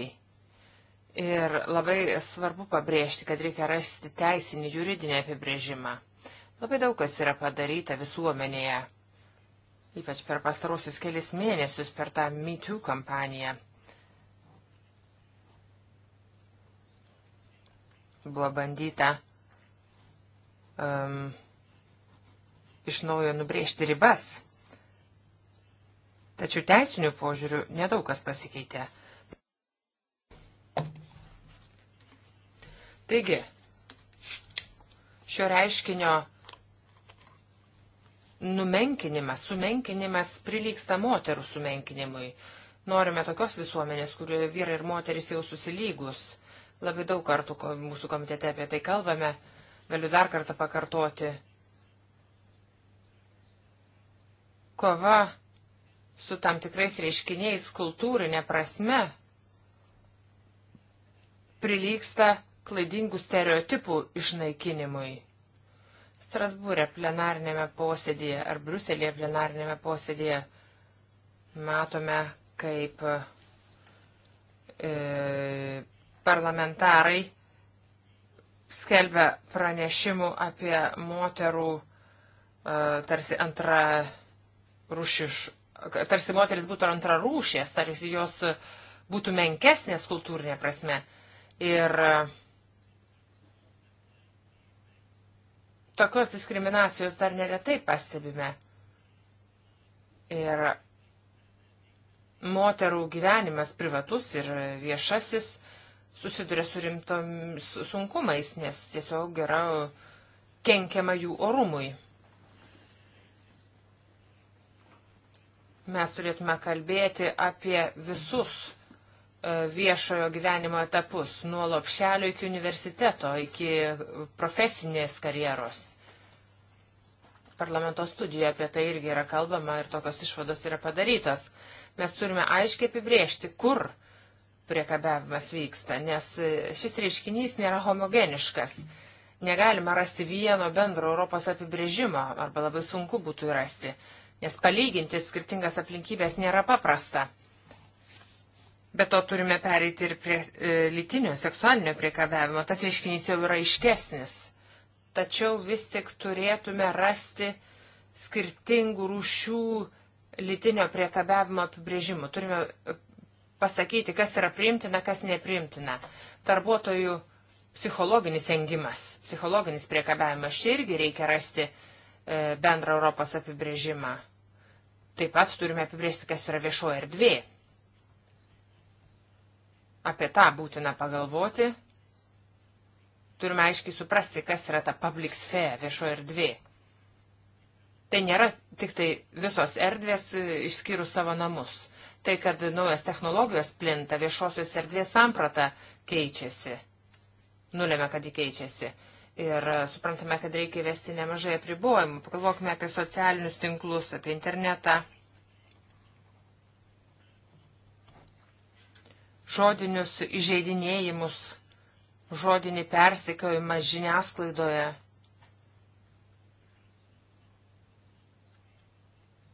Speaker 3: Ir labai svarbu pabrėžti, kad reikia rasti teisinį juridinį apibrėžimą. Labai daug kas yra padaryta visuomenėje, ypač per pastarosius kelis mėnesius per tą MeToo kampaniją. Buvo bandyta um, iš naujo nubrėžti ribas. Tačiau teisinių požiūrių nedaug kas pasikeitė. Taigi, šio reiškinio numenkinimas, sumenkinimas prilyksta moterų sumenkinimui. Norime tokios visuomenės, kurioje vyrai ir moteris jau susilygus. Labai daug kartų mūsų komitete apie tai kalbame. Galiu dar kartą pakartoti. Kova su tam tikrais reiškiniais kultūrinė prasme prilyksta klaidingų stereotipų išnaikinimui. Strasbūrė plenarnėme posėdėje ar Bruselėje plenarnėme posėdėje matome, kaip e, parlamentarai skelbia pranešimų apie moterų e, tarsi antra rušiš, tarsi moteris būtų antra rūšės, tarsi jos būtų menkesnės kultūrinė prasme. Ir e, Tokios diskriminacijos dar neretai pastebime. Ir moterų gyvenimas privatus ir viešasis susiduria su rimtomis sunkumais, nes tiesiog yra kenkiama jų orumui. Mes turėtume kalbėti apie visus viešojo gyvenimo etapus, nuo lopšelio iki universiteto, iki profesinės karjeros. Parlamento studijoje apie tai irgi yra kalbama ir tokios išvados yra padarytos. Mes turime aiškiai apibriežti, kur priekabiavimas vyksta, nes šis reiškinys nėra homogeniškas. Negalime rasti vieno bendro Europos apibrėžimo, arba labai sunku būtų rasti, nes palyginti skirtingas aplinkybės nėra paprasta. Bet to turime pereiti ir prie e, lytinio, seksualinio priekabiavimo. Tas reiškinys jau yra iškesnis. Tačiau vis tik turėtume rasti skirtingų rūšių lytinio priekabiavimo apibrėžimų. Turime e, pasakyti, kas yra priimtina, kas nepriimtina. Darbuotojų psichologinis engimas, psichologinis priekabiavimas, čia irgi reikia rasti e, bendrą Europos apibrėžimą. Taip pat turime apibrėžti, kas yra viešoji erdvė. Apie tą būtina pagalvoti. Turime aiškiai suprasti, kas yra ta public sphere, viešo erdvė. Tai nėra tik tai visos erdvės e, išskyrus savo namus. Tai, kad naujas technologijos plinta, viešosios erdvės samprata keičiasi. Nulėmė, kad ji keičiasi. Ir e, suprantame, kad reikia įvesti nemažai apribojimų. Pagalvokime apie socialinius tinklus, apie internetą. žodinius įžeidinėjimus, žodinį persikiojimą žiniasklaidoje.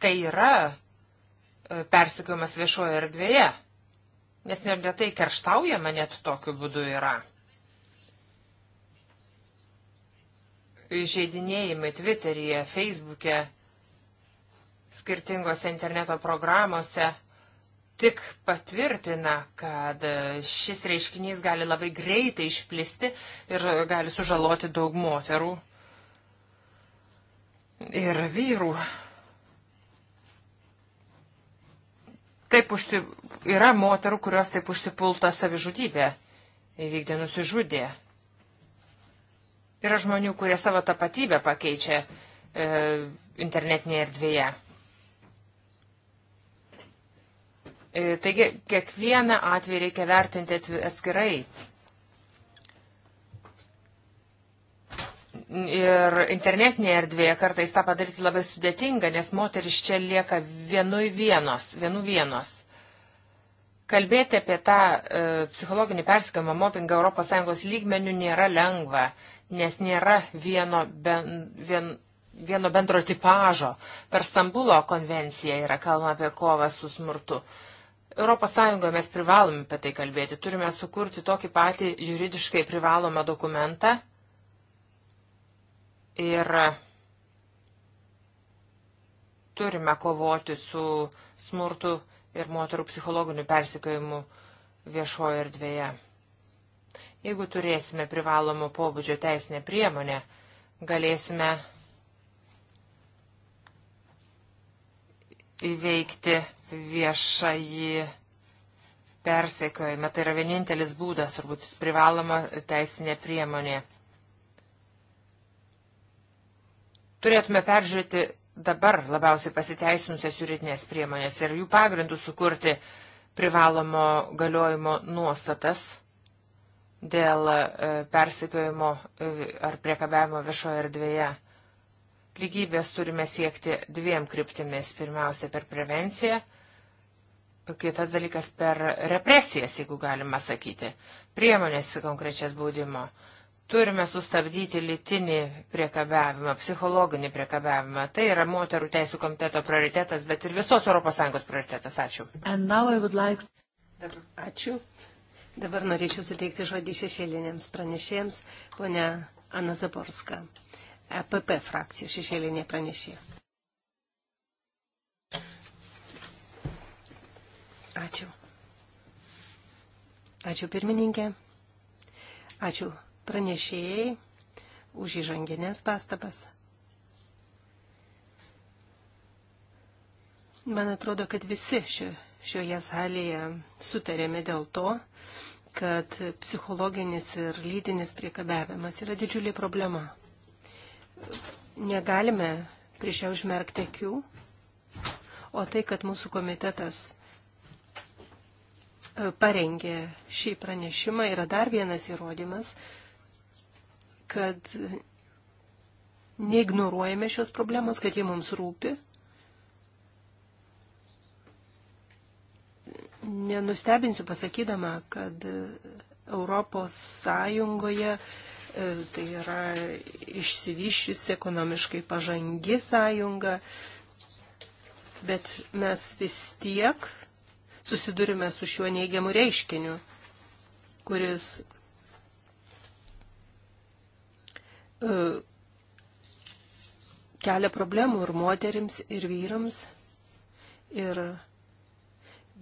Speaker 3: Tai yra e, persikiojimas viešoje erdvėje, nes neretai kerštaujama net tokiu būdu yra. Įžeidinėjimai Twitteryje, Facebook'e, skirtingose interneto programuose – tik patvirtina, kad šis reiškinys gali labai greitai išplisti ir gali sužaloti daug moterų ir vyrų. Taip užsi... yra moterų, kurios taip užsipulta savižudybė, įvykdė nusižudė. Yra žmonių, kurie savo tapatybę pakeičia e, internetinėje erdvėje. E, taigi, kiekvieną atvejį reikia vertinti atskirai. ir internetinėje erdvėje kartais tą padaryti labai sudėtinga, nes moteris čia lieka vienui vienos, vienų vienos. Kalbėti apie tą e, psichologinį persikamą mobbingą ES lygmenių nėra lengva, nes nėra vieno, ben, vien, vieno bendro tipažo. Per Stambulo konvenciją yra kalbama apie kovą su smurtu. E, ES mes privalome apie tai kalbėti. Turime sukurti tokį patį juridiškai privalomą dokumentą. Ir turime kovoti su smurtu ir moterų psichologiniu persikėjimu viešojo erdvėje. Jeigu turėsime privalomo pobūdžio teisinę priemonę, galėsime įveikti viešai persekiojimą. Tai yra vienintelis būdas, turbūt privaloma teisinė priemonė. Turėtume peržiūrėti dabar labiausiai pasiteisinusias juridinės priemonės ir jų pagrindų sukurti privalomo galiojimo nuostatas dėl e, persekiojimo e, ar priekabiavimo viešoje erdvėje. Lygybės turime siekti dviem kryptimis. Pirmiausia, per prevenciją kitas dalykas per represijas, jeigu galima sakyti, priemonės konkrečias baudimo. Turime sustabdyti litinį priekabiavimą, psichologinį priekabiavimą. Tai yra moterų teisų komiteto prioritetas, bet ir visos ES prioritetas. Ačiū.
Speaker 1: Like... Dabar. Ačiū. Dabar norėčiau suteikti žodį šešėlinėms pranešėjams, ponia Ana Zaborska, EPP frakcijų šešėlinė pranešėja. Ačiū. Ačiū pirmininkė. Ačiū pranešėjai už įžanginės pastabas. Man atrodo, kad visi šio, šioje salėje sutarėme dėl to, kad psichologinis ir lydinis priekabiavimas yra didžiulė problema. Negalime prieš ją užmerkti akių, o tai, kad mūsų komitetas parengė šį pranešimą, yra dar vienas įrodymas, kad neignoruojame šios problemos, kad jie mums rūpi. Nenustebinsiu pasakydama, kad Europos Sąjungoje e, tai yra išsivyščiusi ekonomiškai pažangi sąjunga, bet mes vis tiek susidurime su šiuo neigiamu reiškiniu, kuris e, kelia problemų ir moterims, ir vyrams. Ir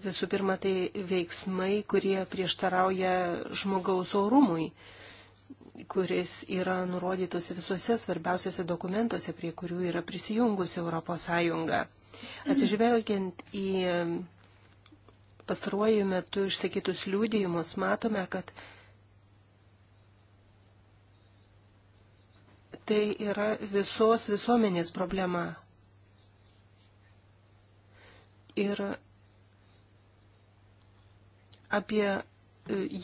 Speaker 1: visų pirma, tai veiksmai, kurie prieštarauja žmogaus orumui, kuris yra nurodytos visose svarbiausiose dokumentuose, prie kurių yra prisijungusi Europos Sąjunga. Mhm. Atsižvelgiant į pastaruoju metu išsakytus liūdėjimus matome, kad tai yra visos visuomenės problema. Ir apie e,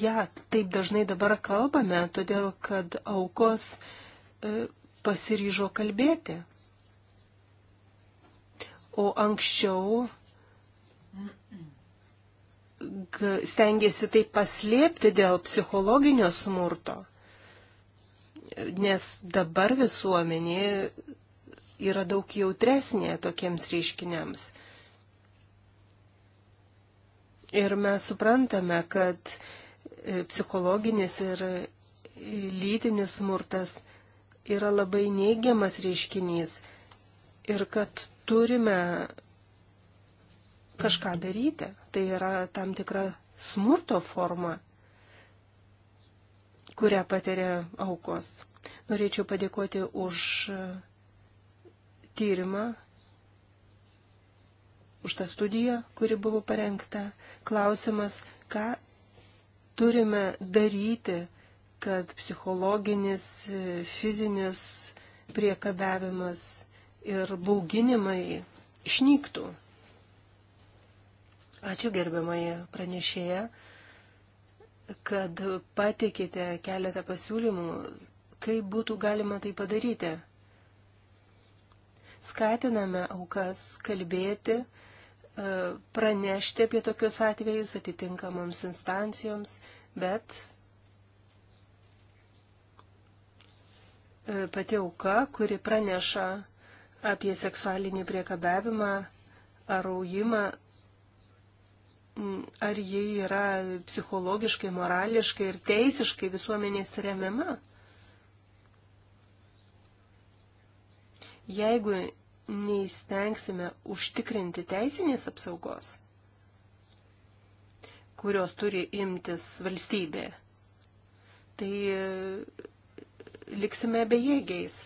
Speaker 1: ją taip dažnai dabar kalbame, todėl kad aukos e, pasiryžo kalbėti. O anksčiau stengiasi tai paslėpti dėl psichologinio smurto, nes dabar visuomenė yra daug jautresnė tokiems reiškiniams. Ir mes suprantame, kad e, psichologinis ir lytinis smurtas yra labai neigiamas reiškinys ir kad turime kažką daryti. Tai yra tam tikra smurto forma, kurią patiria aukos. Norėčiau padėkoti už tyrimą, už tą studiją, kuri buvo parengta. Klausimas, ką turime daryti, kad psichologinis, fizinis priekabiavimas ir bauginimai išnyktų. Ačiū gerbiamai pranešėja, kad patikite keletą pasiūlymų, kaip būtų galima tai padaryti. Skatiname aukas kalbėti, e, pranešti apie tokius atvejus atitinkamoms instancijoms, bet e, pati auka, kuri praneša apie seksualinį priekabiavimą ar aujimą, ar ji yra psichologiškai, morališkai ir teisiškai visuomenės remiama. Jeigu neįstengsime užtikrinti teisinės apsaugos, kurios turi imtis valstybė, tai e, liksime bejėgiais.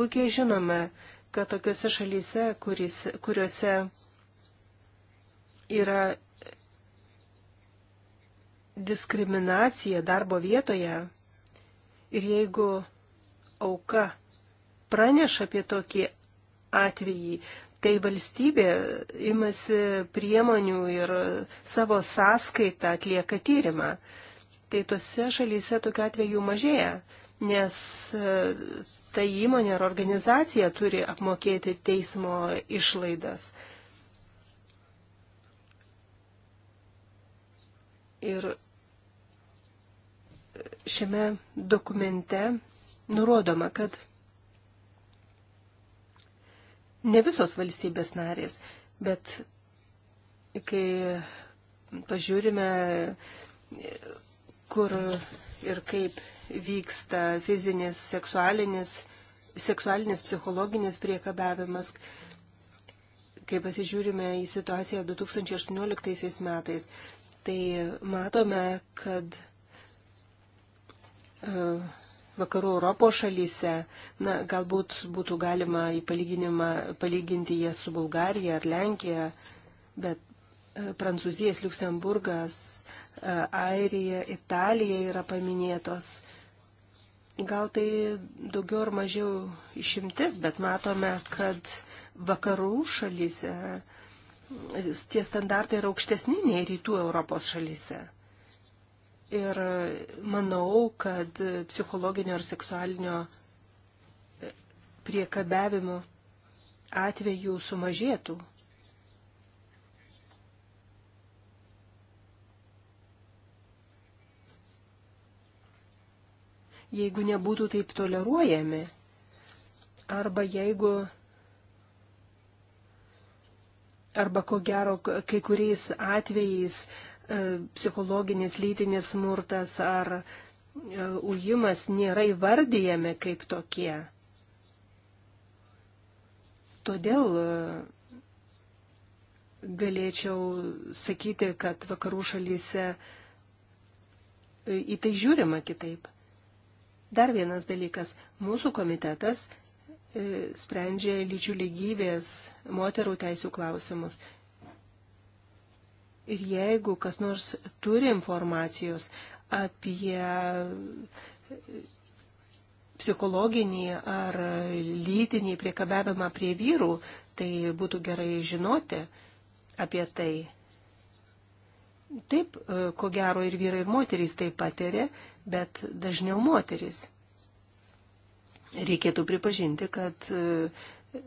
Speaker 1: Puikiai žinome, kad tokiuose šalyse, kuris, kuriuose yra diskriminacija darbo vietoje ir jeigu auka praneša apie tokį atvejį, tai valstybė imasi priemonių ir savo sąskaitą atlieka tyrimą. Tai tose šalyse tokiu atveju mažėja, nes e, ta įmonė ar organizacija turi apmokėti teismo išlaidas. Ir šiame dokumente nurodoma, kad ne visos valstybės narės, bet kai pažiūrime, kur ir kaip vyksta fizinis, seksualinis, seksualinis psichologinis priekabiavimas, kai pasižiūrime į situaciją 2018 metais, tai matome, kad e, vakarų Europos šalyse, na, galbūt būtų galima į palyginimą palyginti jas su Bulgarija ar Lenkija, bet e, Prancūzijas, Luksemburgas, e, Airija, Italija yra paminėtos. Gal tai daugiau ar mažiau išimtis, bet matome, kad vakarų šalyse tie standartai yra aukštesni nei rytų Europos šalyse. Ir manau, kad psichologinio ir seksualinio priekabiavimo atvejų sumažėtų. Jeigu nebūtų taip toleruojami, arba jeigu arba ko gero kai kuriais atvejais e, psichologinis lytinis smurtas ar e, ujimas nėra įvardyjami kaip tokie. Todėl e, galėčiau sakyti, kad vakarų šalyse į tai žiūrima kitaip. Dar vienas dalykas. Mūsų komitetas E, sprendžia lyčių lygybės moterų teisų klausimus. Ir jeigu kas nors turi informacijos apie psichologinį ar lytinį priekabiavimą prie vyrų, tai būtų gerai žinoti apie tai. Taip, e, ko gero ir vyrai ir moterys tai patiria, bet dažniau moterys reikėtų pripažinti, kad e,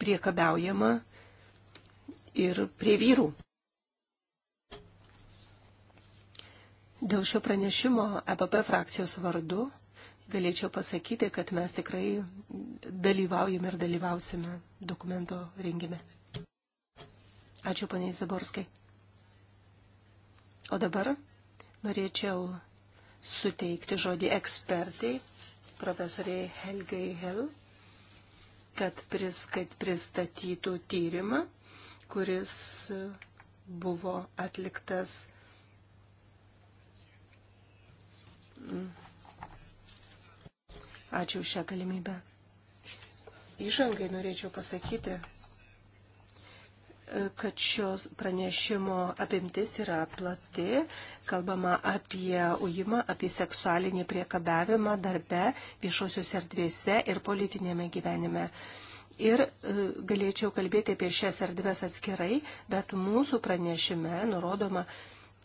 Speaker 1: priekabiaujama ir prie vyrų. Dėl šio pranešimo EPP frakcijos vardu galėčiau pasakyti, kad mes tikrai dalyvaujame ir dalyvausime dokumento rengime. Ačiū, paniai Zaborskai. O dabar norėčiau suteikti žodį ekspertai, profesoriai Helgai Hel, kad, pris, kad pristatytų tyrimą, kuris buvo atliktas mm, Ačiū šią galimybę. Įžangai norėčiau pasakyti, kad šios pranešimo apimtis yra plati. Kalbama apie ujimą, apie seksualinį priekabiavimą darbe, viešosios erdvėse ir politinėme gyvenime. Ir e, galėčiau kalbėti apie šias erdves atskirai, bet mūsų pranešime nurodoma,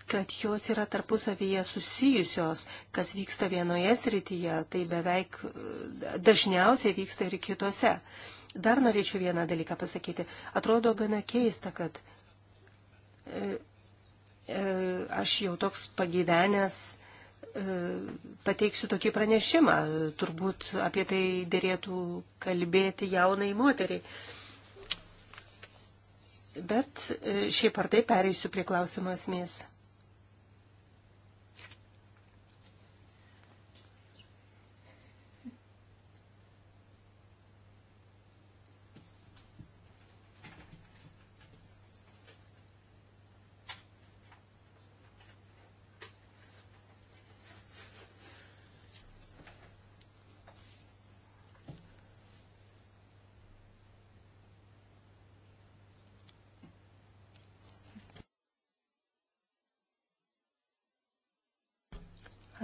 Speaker 1: kad jos yra tarpusavyje susijusios, kas vyksta vienoje srityje, tai beveik e, dažniausiai vyksta ir kitose. Dar norėčiau vieną dalyką pasakyti. Atrodo gana keista, kad e, e, aš jau toks pagyvenęs e, pateiksiu tokį pranešimą. Turbūt apie tai dėrėtų kalbėti jaunai moteriai. Bet šiaip ar tai pereisiu prie klausimo esmės.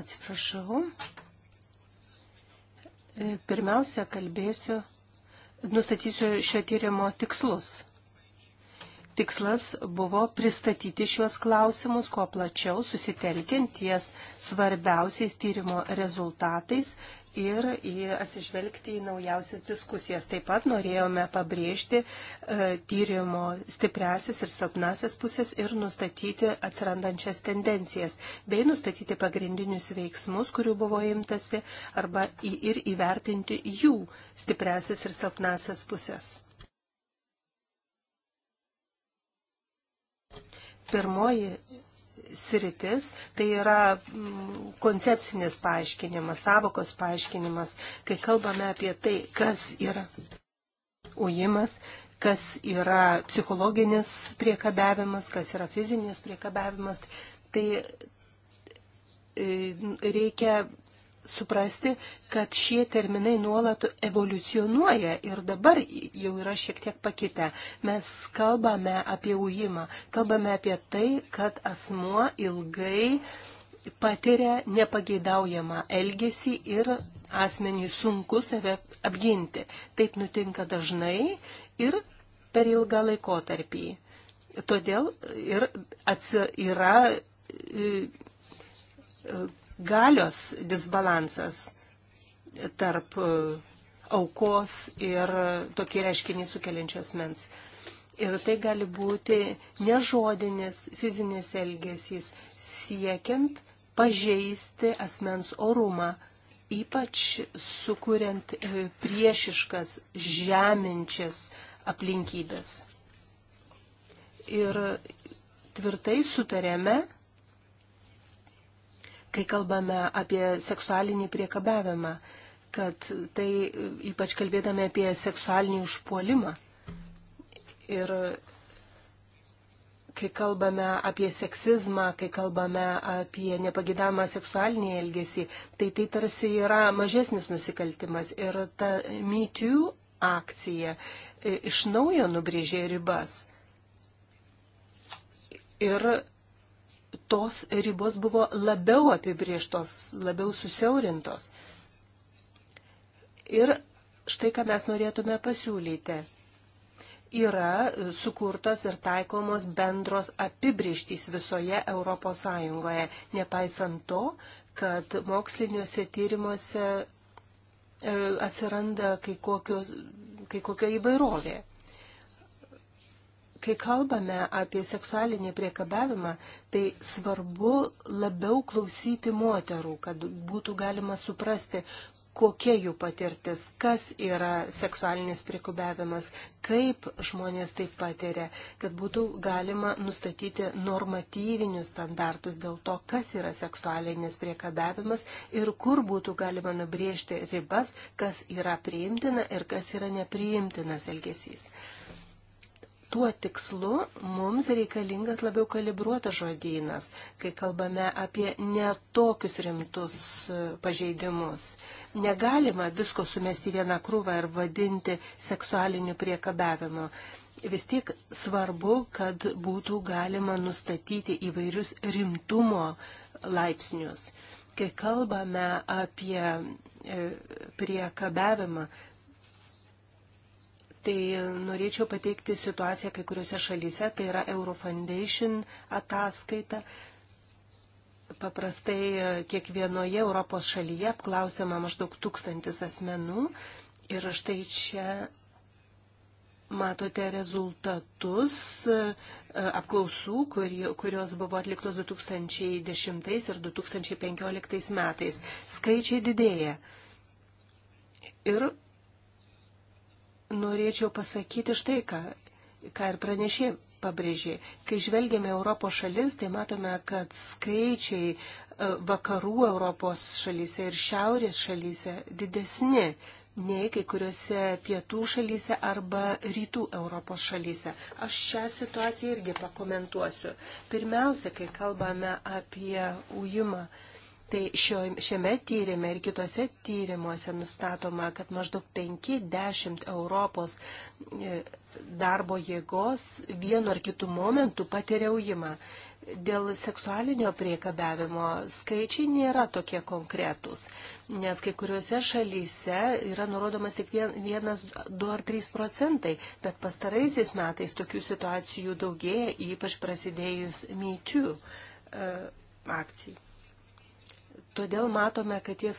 Speaker 1: Atsiprašau. E, pirmiausia, kalbėsiu, nustatysiu šio tyrimo tikslus tikslas buvo pristatyti šiuos klausimus kuo plačiau, susitelkiant ties svarbiausiais tyrimo rezultatais ir į atsižvelgti į naujausias diskusijas. Taip pat norėjome pabrėžti e, tyrimo stipriasis ir silpnasis pusės ir nustatyti atsirandančias tendencijas, bei nustatyti pagrindinius veiksmus, kurių buvo imtasi, arba į, ir įvertinti jų stipriasis ir silpnasis pusės. Pirmoji sritis, tai yra mm, koncepcinis paaiškinimas, savokos paaiškinimas, kai kalbame apie tai, kas yra ujimas, kas yra psichologinis priekabiavimas, kas yra fizinis priekabiavimas, tai e, reikia suprasti, kad šie terminai nuolat evoliucionuoja ir dabar jau yra šiek tiek pakitę. Mes kalbame apie ujimą, kalbame apie tai, kad asmuo ilgai patiria nepageidaujamą elgesį ir asmeniui sunku save apginti. Taip nutinka dažnai ir per ilgą laikotarpį. Todėl ir atsi, yra e, e, galios disbalansas tarp e, aukos ir tokį reiškinį sukeliančio asmens. Ir tai gali būti nežodinis fizinis elgesys, siekiant pažeisti asmens orumą, ypač sukuriant e, priešiškas, žeminčias aplinkybės. Ir tvirtai sutarėme, kai kalbame apie seksualinį priekabiavimą, kad tai ypač kalbėdami apie seksualinį užpuolimą. Ir kai kalbame apie seksizmą, kai kalbame apie nepagidamą seksualinį elgesį, tai tai tarsi yra mažesnis nusikaltimas. Ir ta MeToo akcija e, iš naujo nubrėžė ribas. Ir tos ribos buvo labiau apibrieštos, labiau susiaurintos. Ir štai ką mes norėtume pasiūlyti. Yra sukurtos ir taikomos bendros apibrieštys visoje Europos Sąjungoje, nepaisant to, kad moksliniuose tyrimuose e, atsiranda kai kokio, kai kokio įvairovė. Kai kalbame apie seksualinį priekabiavimą, tai svarbu labiau klausyti moterų, kad būtų galima suprasti, kokia jų patirtis, kas yra seksualinis priekabiavimas, kaip žmonės tai patiria, kad būtų galima nustatyti normatyvinius standartus dėl to, kas yra seksualinis priekabiavimas ir kur būtų galima nubriežti ribas, kas yra priimtina ir kas yra nepriimtinas elgesys tuo tikslu mums reikalingas labiau kalibruotas žodynas, kai kalbame apie netokius rimtus e, pažeidimus. Negalima visko sumesti vieną krūvą ir vadinti seksualiniu priekabiavimu. Vis tiek svarbu, kad būtų galima nustatyti įvairius rimtumo laipsnius. Kai kalbame apie e, priekabiavimą, tai norėčiau pateikti situaciją kai kuriuose šalyse, tai yra Eurofoundation ataskaita. Paprastai kiekvienoje Europos šalyje apklausiama maždaug tūkstantis asmenų ir štai čia matote rezultatus e, apklausų, kurios buvo atliktos 2010 ir 2015 metais. Skaičiai didėja. Ir norėčiau pasakyti štai ką, ką ir pranešė pabrėžė. Kai žvelgėme Europos šalis, tai matome, kad skaičiai e, vakarų Europos šalyse ir šiaurės šalyse didesni nei kai kuriuose pietų šalyse arba rytų Europos šalyse. Aš šią situaciją irgi pakomentuosiu. Pirmiausia, kai kalbame apie ujimą. Uh, Tai šio, šiame tyrimė ir kitose tyrimuose nustatoma, kad maždaug 5-10 Europos e, darbo jėgos vienu ar kitu momentu patiria aujimą. Dėl seksualinio priekabiavimo skaičiai nėra tokie konkretūs, nes kai kuriuose šalyse yra nurodomas tik 1-2 ar 3 procentai, bet pastaraisiais metais tokių situacijų daugėja, ypač prasidėjus myčių e, akcijai. Todėl matome, kad tie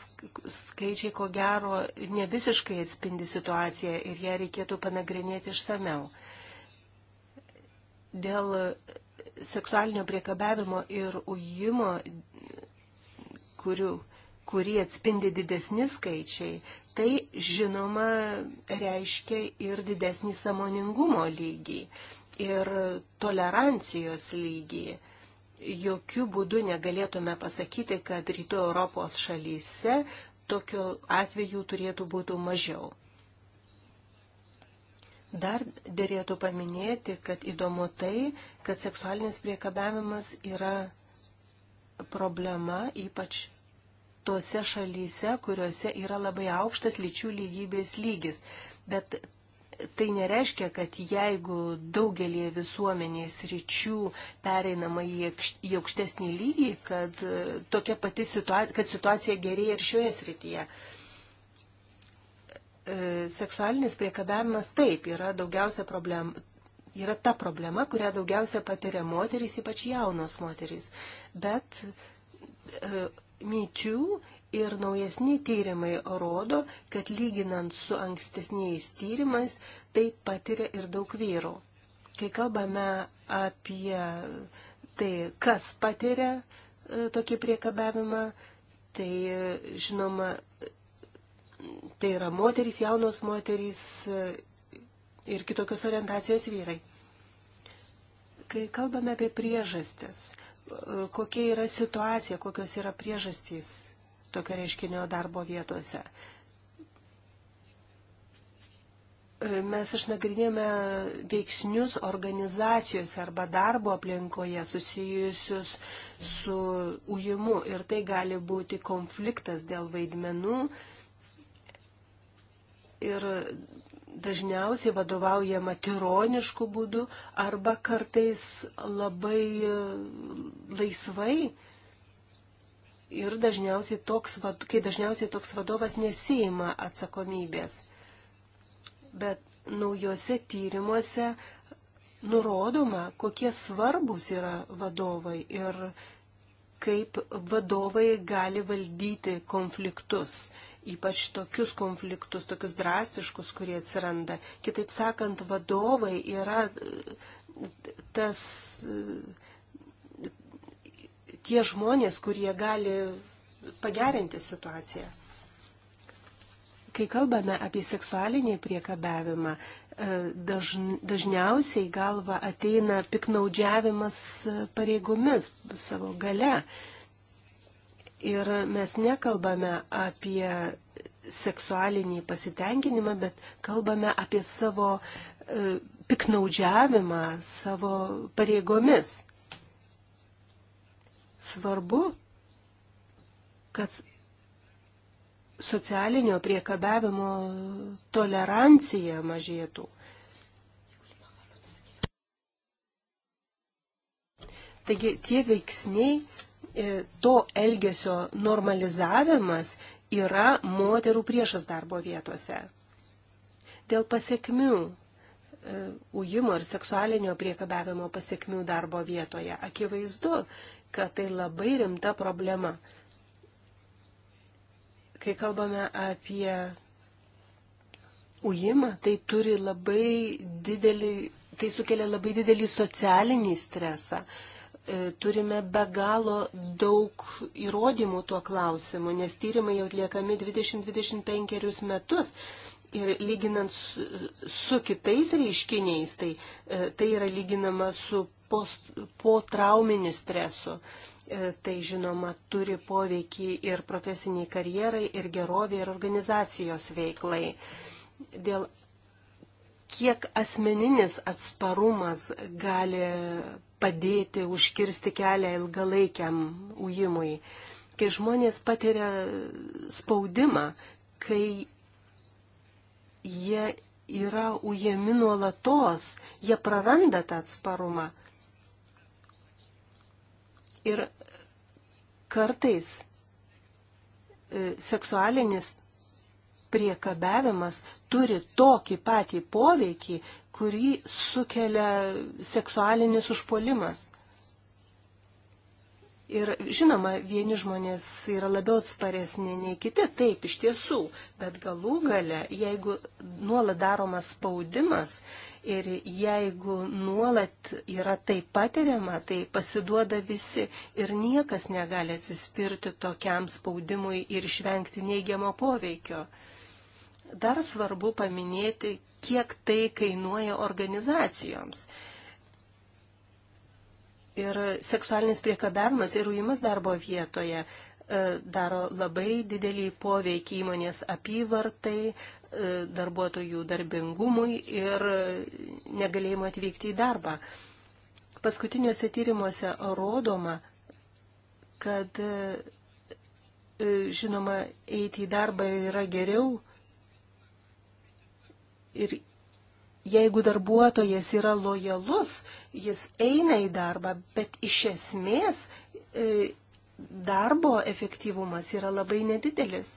Speaker 1: skaičiai ko gero ne visiškai atspindi situaciją ir ją reikėtų panagrinėti išsameu. Dėl seksualinio priekabiavimo ir ujimo, kurių, kurį atspindi didesni skaičiai, tai žinoma reiškia ir didesnį samoningumo lygį ir tolerancijos lygį jokių būdų negalėtume pasakyti, kad rytų Europos šalyse tokių atvejų turėtų būti mažiau. Dar dėlėtų paminėti, kad įdomu tai, kad seksualinis priekabiavimas yra problema, ypač tose šalyse, kuriuose yra labai aukštas lyčių lygybės lygis. Bet tai nereiškia, kad jeigu daugelie visuomenės ryčių pereinama į aukštesnį lygį, kad e, tokia pati situacija, kad situacija gerėja ir šioje srityje. E, seksualinis priekabiavimas taip yra daugiausia problemų. Yra ta problema, kurią daugiausia patiria moterys, ypač jaunos moterys. Bet e, myčių Ir naujesni tyrimai rodo, kad lyginant su ankstesniais tyrimais, tai patiria ir daug vyrų. Kai kalbame apie tai, kas patiria e, tokį priekabavimą, tai e, žinoma, tai yra moterys, jaunos moterys e, ir kitokios orientacijos vyrai. Kai kalbame apie priežastis, kokia yra situacija, kokios yra priežastys tokio reiškinio darbo vietose. Mes išnagrinėjome veiksnius organizacijose arba darbo aplinkoje susijusius su ujimu ir tai gali būti konfliktas dėl vaidmenų ir dažniausiai vadovaujama tironišku būdu arba kartais labai laisvai ir dažniausiai toks, kai dažniausiai toks vadovas nesijima atsakomybės. Bet naujuose tyrimuose nurodoma, kokie svarbus yra vadovai ir kaip vadovai gali valdyti konfliktus, ypač tokius konfliktus, tokius drastiškus, kurie atsiranda. Kitaip sakant, vadovai yra tas tie žmonės, kurie gali pagerinti situaciją. Kai kalbame apie seksualinį priekabiavimą, e, dažniausiai galva ateina piknaudžiavimas pareigomis savo gale. Ir mes nekalbame apie seksualinį pasitenkinimą, bet kalbame apie savo e, piknaudžiavimą savo pareigomis. Svarbu, kad socialinio priekabiavimo tolerancija mažėtų. Taigi tie veiksniai, e, to elgesio normalizavimas yra moterų priešas darbo vietose. Dėl pasiekmių, e, ujimo ir seksualinio priekabiavimo pasiekmių darbo vietoje, akivaizdu, kad tai labai rimta problema. Kai kalbame apie ujimą, tai turi labai didelį, tai sukelia labai didelį socialinį stresą. E, turime be galo daug įrodymų tuo klausimu, nes tyrimai jau atliekami 20-25 metus. Ir lyginant su, su kitais reiškiniais, tai, e, tai yra lyginama su po, po trauminiu stresu. E, tai žinoma turi poveikį ir profesiniai karjerai, ir gerovė, ir organizacijos veiklai. Dėl kiek asmeninis atsparumas gali padėti užkirsti kelią ilgalaikiam ujimui. Kai žmonės patiria spaudimą, kai jie yra ujami nuolatos, jie praranda tą atsparumą. Ir kartais e, seksualinis priekabiavimas turi tokį patį poveikį, kurį sukelia seksualinis užpuolimas. Ir žinoma, vieni žmonės yra labiau atsparesni nei kiti, taip iš tiesų, bet galų gale, jeigu nuolat daromas spaudimas ir jeigu nuolat yra tai patiriama, tai pasiduoda visi ir niekas negali atsispirti tokiam spaudimui ir išvengti neigiamo poveikio. Dar svarbu paminėti, kiek tai kainuoja organizacijoms. Ir seksualinis priekabiavimas ir ujimas darbo vietoje e, daro labai didelį poveikį įmonės apyvartai, e, darbuotojų darbingumui ir negalėjimo atvykti į darbą. Paskutiniuose tyrimuose rodoma, kad e, žinoma, eiti į darbą yra geriau ir jeigu darbuotojas yra lojalus, jis eina į darbą, bet iš esmės e, darbo efektyvumas yra labai nedidelis.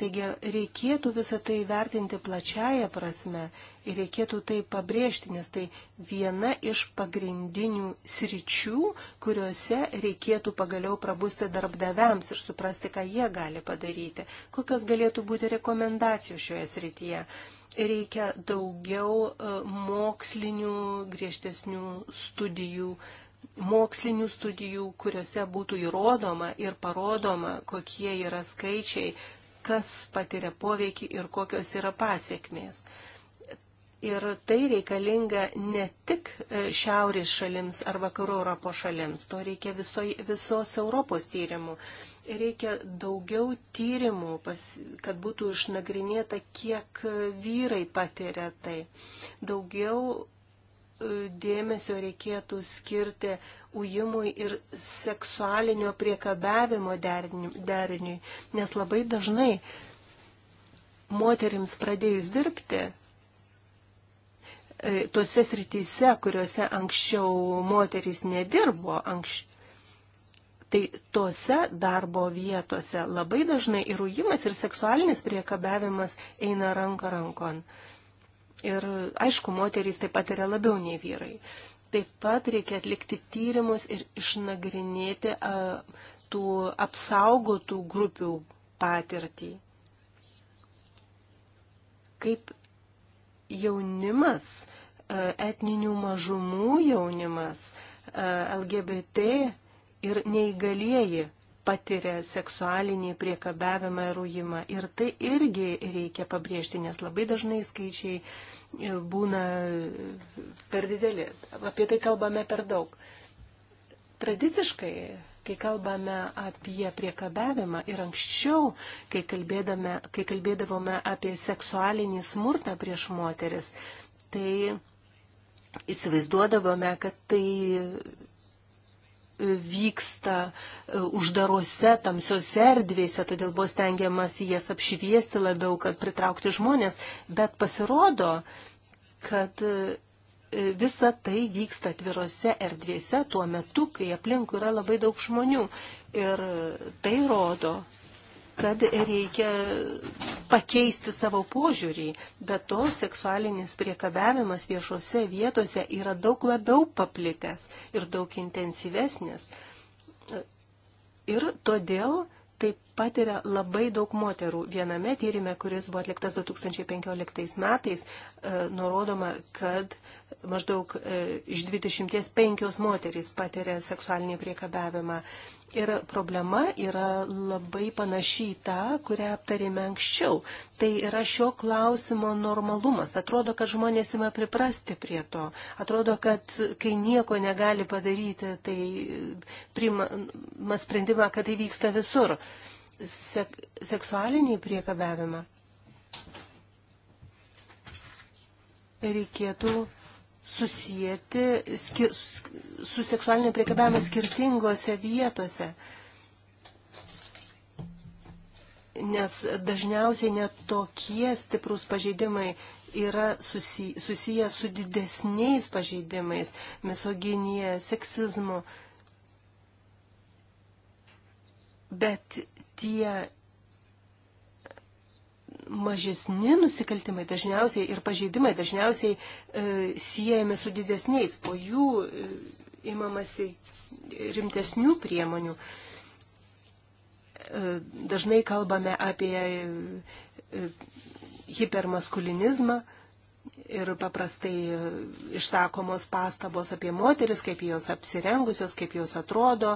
Speaker 1: Taigi reikėtų visą tai vertinti plačiaja prasme ir reikėtų tai pabrėžti, nes tai viena iš pagrindinių sričių, kuriuose reikėtų pagaliau prabusti darbdaviams ir suprasti, ką jie gali padaryti, kokios galėtų būti rekomendacijos šioje srityje reikia daugiau e, mokslinių, griežtesnių studijų, mokslinių studijų, kuriuose būtų įrodoma ir parodoma, kokie yra skaičiai, kas patiria poveikį ir kokios yra pasiekmės. Ir tai reikalinga ne tik e, šiaurės šalims ar vakarų Europos šalims, to reikia viso, visos Europos tyrimų reikia daugiau tyrimų, pas, kad būtų išnagrinėta, kiek vyrai patiria tai. Daugiau e, dėmesio reikėtų skirti ujimui ir seksualinio priekabiavimo deriniui, nes labai dažnai moterims pradėjus dirbti, e, tuose srityse, kuriuose anksčiau moterys nedirbo, anks, Tai tose darbo vietose labai dažnai ir ujimas, ir seksualinis priekabiavimas eina ranka rankon. Ir aišku, moterys taip pat yra labiau nei vyrai. Taip pat reikia atlikti tyrimus ir išnagrinėti a, tų apsaugotų grupių patirtį. Kaip jaunimas, etninių mažumų jaunimas, LGBT ir neįgalieji patiria seksualinį priekabiavimą ir rūjimą. Ir tai irgi reikia pabrėžti, nes labai dažnai skaičiai e, būna per dideli. Apie tai kalbame per daug. Tradiciškai, kai kalbame apie priekabiavimą ir anksčiau, kai, kai kalbėdavome apie seksualinį smurtą prieš moteris, tai įsivaizduodavome, kad tai vyksta e, uždarose, tamsiose erdvėse, todėl buvo stengiamas jas apšviesti labiau, kad pritraukti žmonės, bet pasirodo, kad e, visa tai vyksta atvirose erdvėse tuo metu, kai aplinkų yra labai daug žmonių. Ir e, tai rodo, kad reikia pakeisti savo požiūrį. Be to, seksualinis priekabiavimas viešose vietose yra daug labiau paplitęs ir daug intensyvesnis. Ir todėl taip patiria labai daug moterų. Viename tyrime, kuris buvo atliktas 2015 metais, e, nurodoma, kad maždaug e, iš 25 moterys patiria seksualinį priekabiavimą. Ir problema yra labai panaši į tą, kurią aptarėme anksčiau. Tai yra šio klausimo normalumas. Atrodo, kad žmonės ima priprasti prie to. Atrodo, kad kai nieko negali padaryti, tai priima sprendimą, kad tai vyksta visur sek seksualinį priekabiavimą, reikėtų susijęti skir su seksualiniu priekabiavimu skirtingose vietose. Nes dažniausiai net tokie stiprus pažeidimai yra susi susiję su didesniais pažeidimais - misoginija, seksizmu. Bet tie mažesni nusikaltimai dažniausiai ir pažeidimai dažniausiai e, siejami su didesniais, po jų e, imamasi rimtesnių priemonių. E, dažnai kalbame apie e, hipermaskulinizmą. E, ir paprastai išsakomos pastabos apie moteris, kaip jos apsirengusios, kaip jos atrodo.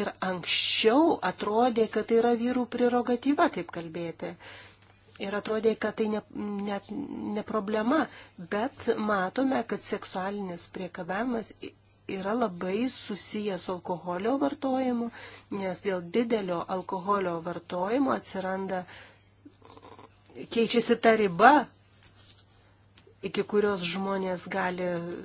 Speaker 1: Ir anksčiau atrodė, kad tai yra vyrų prerogatyva taip kalbėti. Ir atrodė, kad tai ne, net ne problema. Bet matome, kad seksualinis priekabiavimas yra labai susijęs su alkoholio vartojimu, nes dėl didelio alkoholio vartojimo atsiranda keičiasi ta riba, iki kurios žmonės gali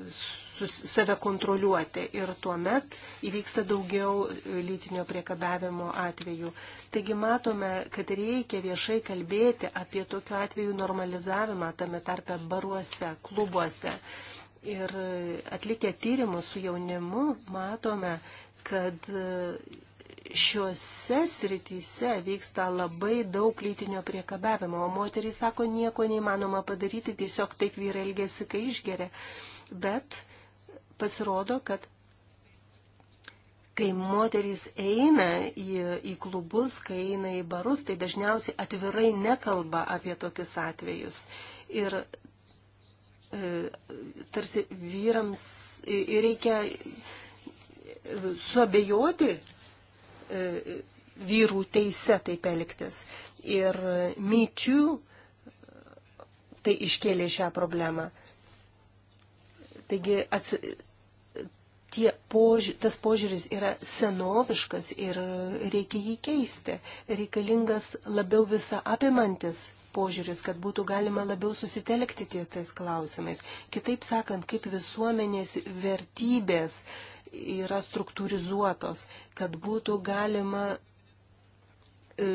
Speaker 1: save kontroliuoti ir tuomet įvyksta daugiau lytinio priekabiavimo atvejų. Taigi matome, kad reikia viešai kalbėti apie tokių atvejų normalizavimą tame tarpe baruose, klubuose. Ir atlikę tyrimus su jaunimu matome, kad šiuose srityse vyksta labai daug lytinio priekabiavimo, o moteriai sako, nieko neįmanoma padaryti, tiesiog taip vyrai elgesi, kai išgeria. Bet pasirodo, kad kai moterys eina į, į klubus, kai eina į barus, tai dažniausiai atvirai nekalba apie tokius atvejus. Ir e, tarsi vyrams reikia e, suabejoti E, vyrų teise taip elgtis. Ir myčių e, tai iškėlė šią problemą. Taigi atsi, tie pož, tas požiūris yra senoviškas ir reikia jį keisti. Reikalingas labiau visą apimantis požiūris, kad būtų galima labiau susitelkti ties tais klausimais. Kitaip sakant, kaip visuomenės vertybės uh, yra struktūrizuotos, kad būtų galima e,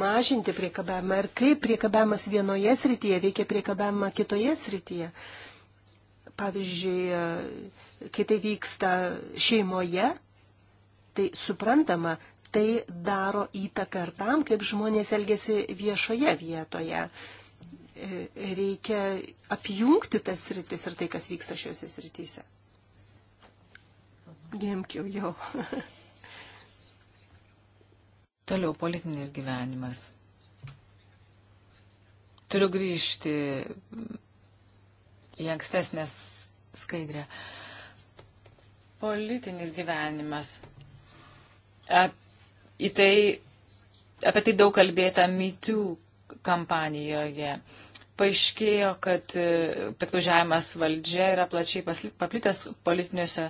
Speaker 1: mažinti priekabavimą ir kaip priekabavimas vienoje srityje veikia priekabavimą kitoje srityje. Pavyzdžiui, e, kai tai vyksta šeimoje, tai suprantama, tai daro įtaką ir tam, kaip žmonės elgesi viešoje vietoje. E, reikia apjungti tas sritis ir tai, kas vyksta šiuose srityse. Diemkiau jau.
Speaker 2: Toliau politinis gyvenimas. Turiu grįžti į ankstesnę skaidrę. Politinis gyvenimas. Ap, į tai, apie tai daug kalbėta mitų kampanijoje. Uh, paaiškėjo, kad e, piknužiavimas valdžia yra plačiai paplitęs politiniuose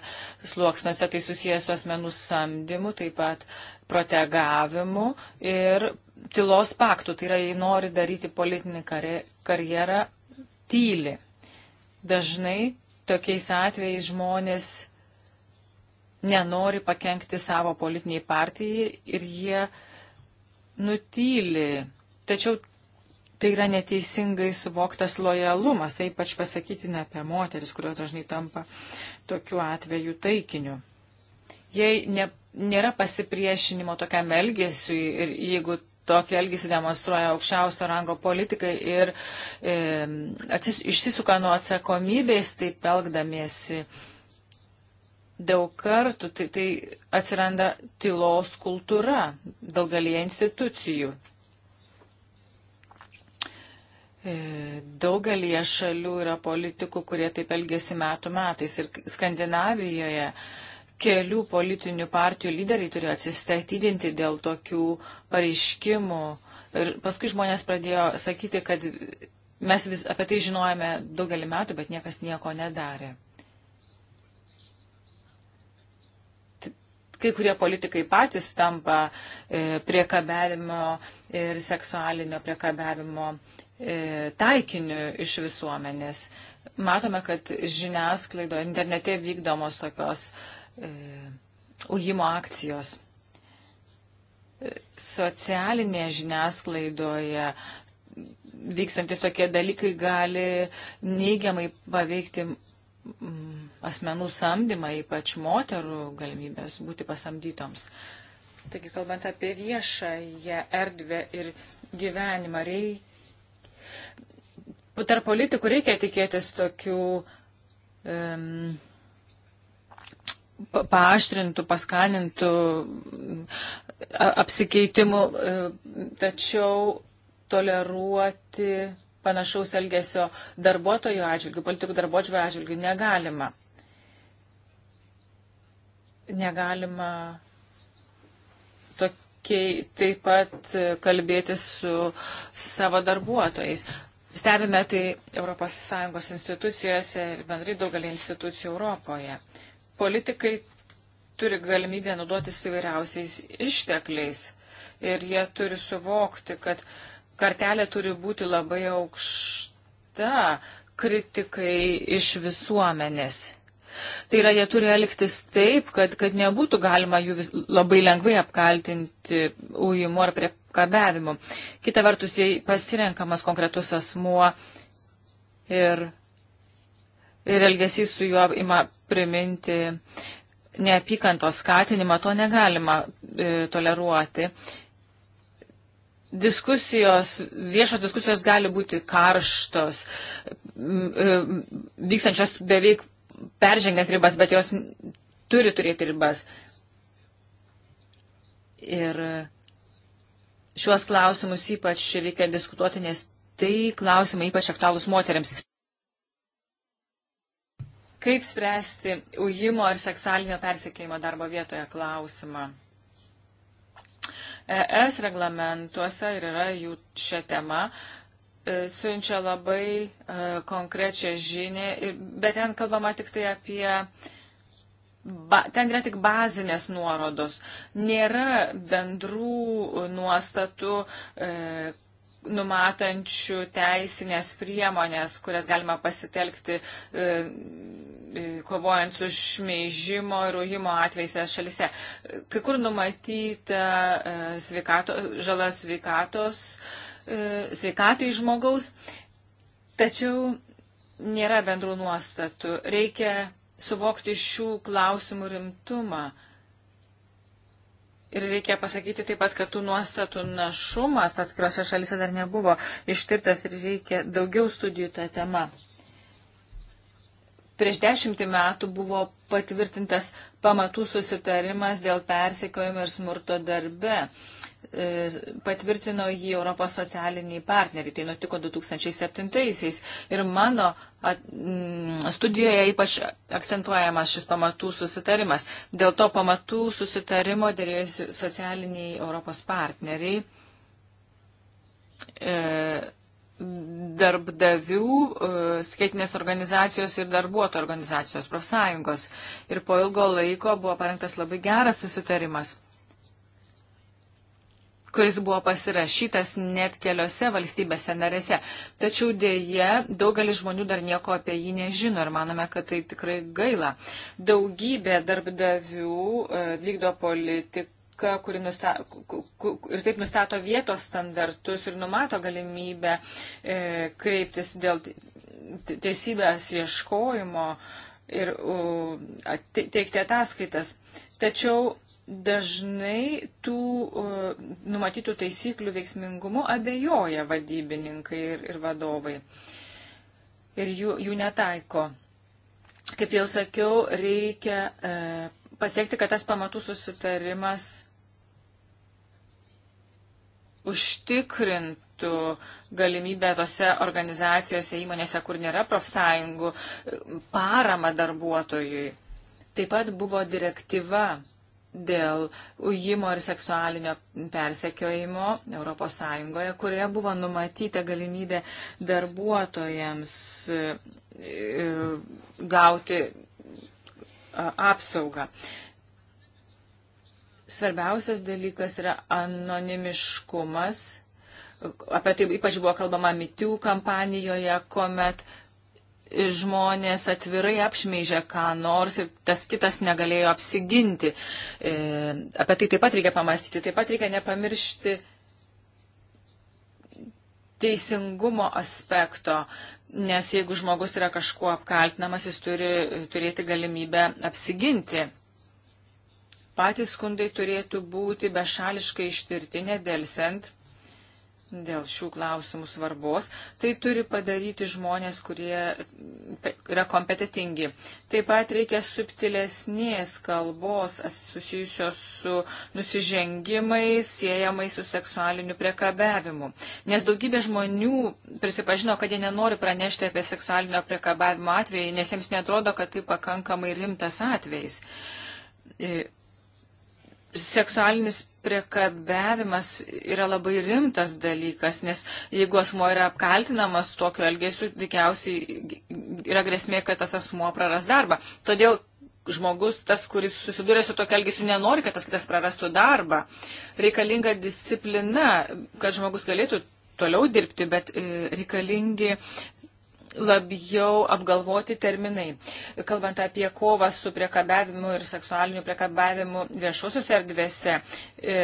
Speaker 2: sluoksniuose, tai susijęs su asmenų samdymu, taip pat protegavimu ir tylos paktų, tai yra, jei nori daryti politinį karjerą, tyli. Dažnai tokiais atvejais žmonės nenori pakengti savo politiniai partijai ir jie nutyli. Tačiau tai yra neteisingai suvoktas lojalumas, tai ypač pasakytina apie moteris, kurios dažnai tampa tokiu atveju taikiniu. Jei ne, nėra pasipriešinimo tokiam elgesiui ir jeigu tokį elgesį demonstruoja aukščiausio rango politikai ir e, atsis, išsisuka nuo atsakomybės, taip elgdamiesi daug kartų, tai, tai atsiranda tylos kultūra daugelie institucijų. E, daugelį šalių yra politikų, kurie taip elgesi metų metais. Ir Skandinavijoje kelių politinių partijų lyderiai turėjo atsistatydinti dėl tokių pareiškimų. Ir paskui žmonės pradėjo sakyti, kad mes vis apie tai žinojame daugelį metų, bet niekas nieko nedarė. Kai kurie politikai patys tampa e, priekabėlimo ir seksualinio priekabiavimo e, taikiniu iš visuomenės. Matome, kad žiniasklaido internete vykdomos tokios e, ujimo akcijos. E, socialinėje žiniasklaidoje vykstantis tokie dalykai gali neigiamai paveikti asmenų samdymą, ypač moterų galimybės būti pasamdytoms. Taigi, kalbant apie viešąją erdvę ir gyvenimą, reikia, tarp politikų reikia tikėtis tokių um, paaštrintų, paskanintų apsikeitimų, e, tačiau toleruoti panašaus elgesio darbuotojų atžvilgių, politikų darbuotojų atžvilgių negalima. Negalima taip pat kalbėti su savo darbuotojais. Stebime tai ES institucijose ir bendrai daugelį institucijų Europoje. Politikai turi galimybę naudotis įvairiausiais ištekliais ir jie turi suvokti, kad kartelė turi būti labai aukšta kritikai iš visuomenės. Tai yra, jie turi elgtis taip, kad, kad nebūtų galima jų vis, labai lengvai apkaltinti ujimu ar priekabiavimu. Kita vertus, jei pasirenkamas konkretus asmuo ir, ir elgesys su juo ima priminti neapykantos skatinimą, to negalima e, toleruoti. Diskusijos, viešos diskusijos gali būti karštos, e, vykstančios beveik peržengiant ribas, bet jos turi turėti ribas. Ir šiuos klausimus ypač reikia diskutuoti, nes tai klausimai ypač aktualūs moteriams. Kaip spręsti ujimo ar seksualinio persikėjimo darbo vietoje klausimą? ES reglamentuose ir yra jų šią temą. Uh, E, siunčia labai e, konkrečią žinę, bet ten kalbama tik tai apie ba, ten yra tik bazinės nuorodos. Nėra bendrų nuostatų e, numatančių teisinės priemonės, kurias galima pasitelkti e, e kovojant su šmeižimo ir rūjimo atveisės šalise. Kai kur numatyta e, sveikato, žala sveikatos E, sveikatai žmogaus, tačiau nėra bendrų nuostatų. Reikia suvokti šių klausimų rimtumą. Ir reikia pasakyti taip pat, kad tų nuostatų našumas atskirose šalise dar nebuvo ištirtas ir reikia daugiau studijų tą temą. Prieš dešimtį metų buvo patvirtintas pamatų susitarimas dėl persikojimo ir smurto darbe. E, patvirtino jį Europos socialiniai partneriai. Tai nutiko 2007-aisiais. Ir mano at, m, studijoje ypač akcentuojamas šis pamatų susitarimas. Dėl to pamatų susitarimo dėrėjusi socialiniai Europos partneriai. E, darbdavių, e, skaitinės organizacijos ir darbuotojų organizacijos, profsąjungos. Ir po ilgo laiko buvo parengtas labai geras susitarimas kuris buvo pasirašytas net keliose valstybėse narėse. Tačiau dėje daugelis žmonių dar nieko apie jį nežino ir manome, kad tai tikrai gaila. Daugybė darbdavių e, vykdo politiką kuri nusta, ir taip nustato vietos standartus ir numato galimybę e, kreiptis dėl teisybės ieškojimo ir u, teikti ataskaitas. Tačiau dažnai tų uh, numatytų taisyklių veiksmingumu abejoja vadybininkai ir, ir vadovai. Ir jų, jų netaiko. Kaip jau sakiau, reikia uh, pasiekti, kad tas pamatų susitarimas užtikrintų galimybę tose organizacijose, įmonėse, kur nėra profsąjungų, paramą darbuotojui. Taip pat buvo direktyva dėl ujimo ir seksualinio persekiojimo ES, kurioje buvo numatyta galimybė darbuotojams e, e, gauti apsaugą. Svarbiausias dalykas yra anonimiškumas. Apie tai ypač buvo kalbama mitių kampanijoje, kuomet uh, žmonės atvirai apšmeižė ką nors ir tas kitas negalėjo apsiginti. E, apie tai taip pat reikia pamastyti, taip pat reikia nepamiršti teisingumo aspekto, nes jeigu žmogus yra kažkuo apkaltinamas, jis turi turėti galimybę apsiginti. Patys skundai turėtų būti bešališkai ištirti, nedelsiant dėl šių klausimų svarbos, tai turi padaryti žmonės, kurie yra kompetitingi. Taip pat reikia subtilesnės kalbos susijusios su nusižengimais, siejamai su seksualiniu priekabiavimu. Nes daugybė žmonių prisipažino, kad jie nenori pranešti apie seksualinio priekabiavimo atvejį, nes jiems netrodo, kad tai pakankamai rimtas atvejis. E, seksualinis priekabiavimas yra labai rimtas dalykas, nes jeigu asmo yra apkaltinamas tokiu elgesiu, tikriausiai yra grėsmė, kad tas asmo praras darbą. Todėl žmogus, tas, kuris susiduria su tokiu elgesiu, nenori, kad tas kitas prarastų darbą. Reikalinga disciplina, kad žmogus galėtų toliau dirbti, bet e, reikalingi labiau apgalvoti terminai. Kalbant apie kovą su priekabiavimu ir seksualiniu priekabiavimu viešosios erdvėse, e,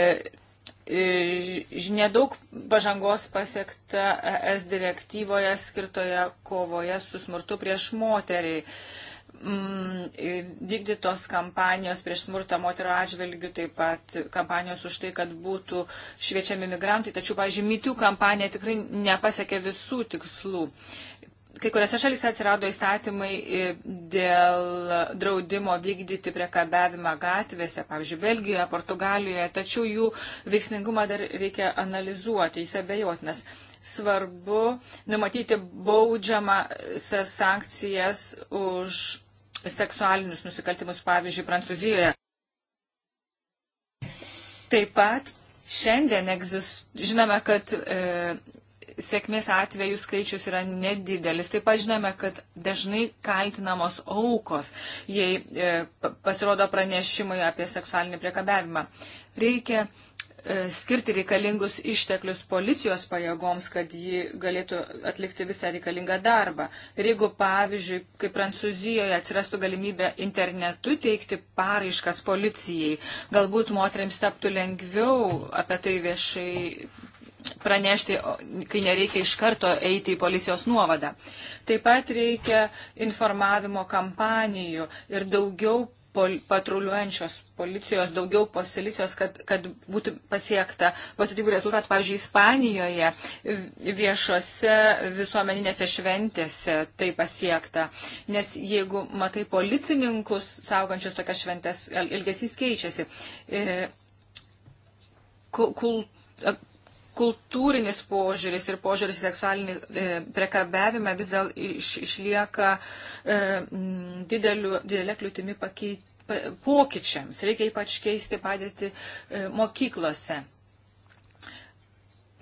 Speaker 2: e, nedaug pažangos pasiekta ES direktyvoje skirtoje kovoje su smurtu prieš moteriai. Mm, vykdytos kampanijos prieš smurtą moterio atžvilgių, taip pat kampanijos už tai, kad būtų šviečiami migrantai, tačiau, pažiūrėjau, mytių kampanija tikrai nepasiekė visų tikslų. E, kai kuriuose šalyse atsirado įstatymai e, dėl draudimo vykdyti priekabiavimą gatvėse, pavyzdžiui, Belgijoje, Portugalijoje, tačiau jų veiksmingumą dar reikia analizuoti, jis abejotinas. Svarbu numatyti baudžiamą sankcijas už seksualinius nusikaltimus, pavyzdžiui, Prancūzijoje. Taip pat šiandien egzist, žinome, kad e, sėkmės atvejų skaičius yra nedidelis. Taip pat žinome, kad dažnai kaltinamos aukos, jei e, pasirodo pranešimai apie seksualinį priekabiavimą. Reikia e, skirti reikalingus išteklius policijos pajėgoms, kad ji galėtų atlikti visą reikalingą darbą. Ir jeigu, pavyzdžiui, kaip Prancūzijoje atsirastų galimybė internetu teikti paraiškas policijai, galbūt moteriams taptų lengviau apie tai viešai pranešti, kai nereikia iš karto eiti į policijos nuovadą. Taip pat reikia informavimo kampanijų ir daugiau pol, patruliuojančios policijos, daugiau posilicijos, kad, kad būtų pasiekta pozityvų rezultatų. Pavyzdžiui, Ispanijoje viešose visuomeninėse šventėse tai pasiekta. Nes jeigu matai policininkus saugančius tokias šventės, elgesys keičiasi. E, kul, kultūrinis požiūris ir požiūris į seksualinį e, prekabiavimą vis dėl iš, išlieka e, dideliu, didelė kliūtimi pakeit, pa, pokyčiams. Reikia ypač keisti padėti e, mokyklose.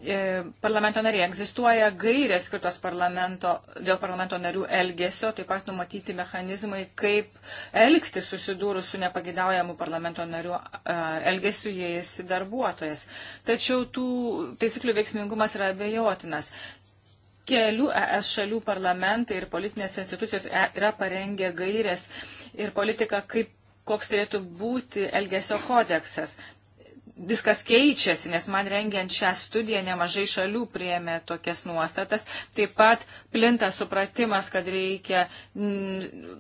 Speaker 2: E, parlamento nariai. Egzistuoja gairės skirtos parlamento, dėl parlamento narių elgesio, taip pat numatyti mechanizmai, kaip elgti susidūrus su nepagidaujamu parlamento narių e, elgesiu jais darbuotojas. Tačiau tų taisyklių veiksmingumas yra abejotinas. Kelių ES šalių parlamentai ir politinės institucijos e yra parengę gairės ir politiką, kaip koks turėtų būti elgesio kodeksas viskas keičiasi, nes man rengiant šią studiją nemažai šalių priėmė tokias nuostatas. Taip pat plinta supratimas, kad reikia m, mm,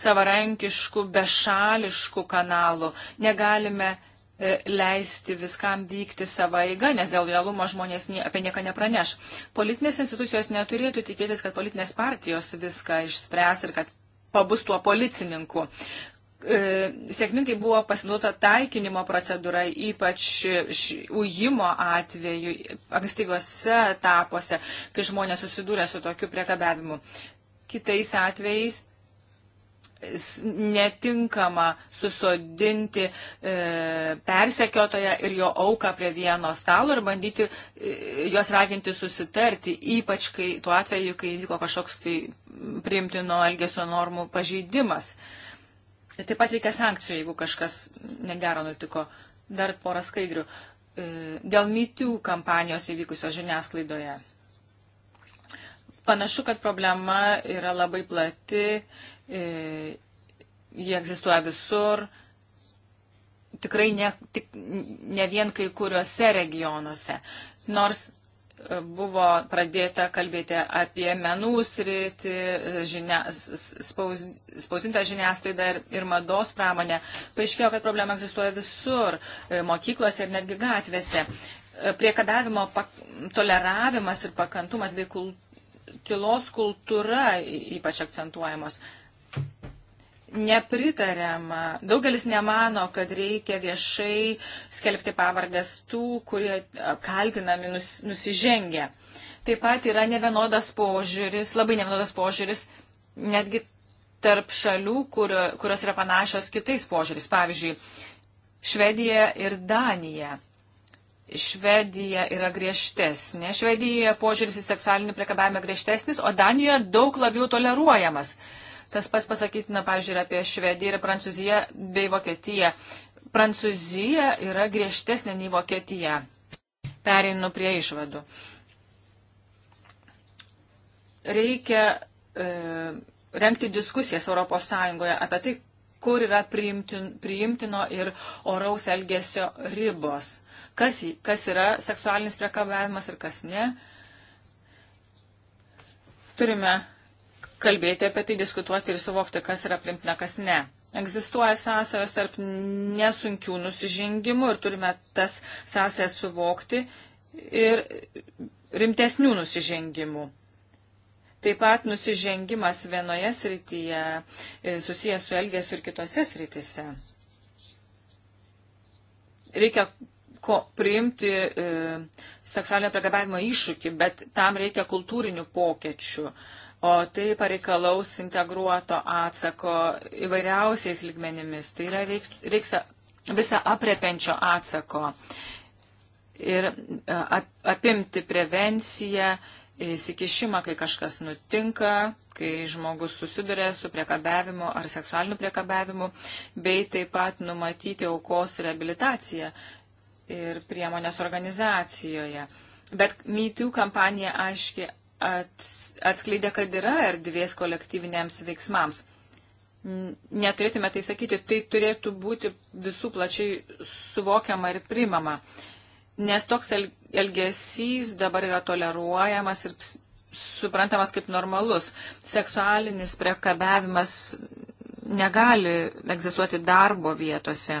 Speaker 2: savarankiškų, bešališkų kanalų. Negalime e, leisti viskam vykti savo eiga, nes dėl realumo žmonės nie, apie nieką nepraneš. Politinės institucijos neturėtų tikėtis, kad politinės partijos viską išspręs ir kad pabus tuo policininku. E, sėkmingai buvo pasinaudota taikinimo procedūra, ypač ujimo atveju, ankstyviuose etapuose, kai žmonės susidūrė su tokiu priekabiavimu. Kitais atvejais netinkama susodinti e, persekiotoją ir jo auką prie vieno stalo ir bandyti e, jos raginti susitarti, ypač kai tuo atveju, kai vyko kažkoks tai priimtino elgesio normų pažeidimas. E, Taip pat reikia sankcijų, jeigu kažkas negero nutiko. Dar porą skaidrių. E, dėl mytių kampanijos įvykusios žiniasklaidoje. Panašu, kad problema yra labai plati, e, jie egzistuoja visur, tikrai ne, tik, ne vien kai kuriuose regionuose. Nors buvo pradėta kalbėti apie menų sritį, žinia, spaus, spausintą žiniasklaidą ir, ir mados pramonę. Paaiškėjo, kad problema egzistuoja visur, e, mokyklose ir netgi gatvėse. E, Priekadavimo toleravimas ir pakantumas bei kul, tylos kultūra ypač akcentuojamos nepritariama. Daugelis nemano, kad reikia viešai skelbti pavardės tų, kurie kaltinami nus, nusižengę. Taip pat yra nevienodas požiūris, labai nevienodas požiūris, netgi tarp šalių, kurio, kurios yra panašios kitais požiūris. Pavyzdžiui, Švedija ir Danija. Švedija yra griežtesnė. Švedijoje požiūris į seksualinį priekabavimą griežtesnis, o Danijoje daug labiau toleruojamas. Uh, Tas pas pasakytina, pažiūrėjau, apie Švediją ir Prancūziją bei Vokietiją. Prancūzija yra griežtesnė nei Vokietija. Pereinu prie išvadų. Reikia e, renkti diskusijas ES apie tai, kur yra priimtin, priimtino ir oraus elgesio ribos. Kas, kas yra seksualinis priekabiavimas ir kas ne. Turime kalbėti apie tai, diskutuoti ir suvokti, kas yra primtina, kas ne. Egzistuoja sąsajos tarp nesunkių nusižengimų ir turime tas sąsajas suvokti ir rimtesnių nusižengimų. Taip pat nusižengimas vienoje srityje e, susijęs su elgesiu ir kitose srityse. Reikia ko, priimti e, seksualinio priekabavimo iššūkį, bet tam reikia kultūrinių pokėčių. E, o tai pareikalaus integruoto atsako įvairiausiais lygmenimis. Tai yra reik, reiks visą aprepenčio atsako ir e, apimti prevenciją, įsikišimą, kai kažkas nutinka, kai žmogus susiduria su priekabiavimu ar seksualiniu priekabiavimu, bei taip pat numatyti aukos rehabilitaciją ir priemonės organizacijoje. Bet MeToo kampanija aiškiai atskleidė, kad yra erdvės kolektyviniams veiksmams. Neturėtume tai sakyti, tai turėtų būti visų plačiai suvokiama ir primama, nes toks elgesys dabar yra toleruojamas ir suprantamas kaip normalus. Seksualinis priekabiavimas negali egzistuoti darbo vietose.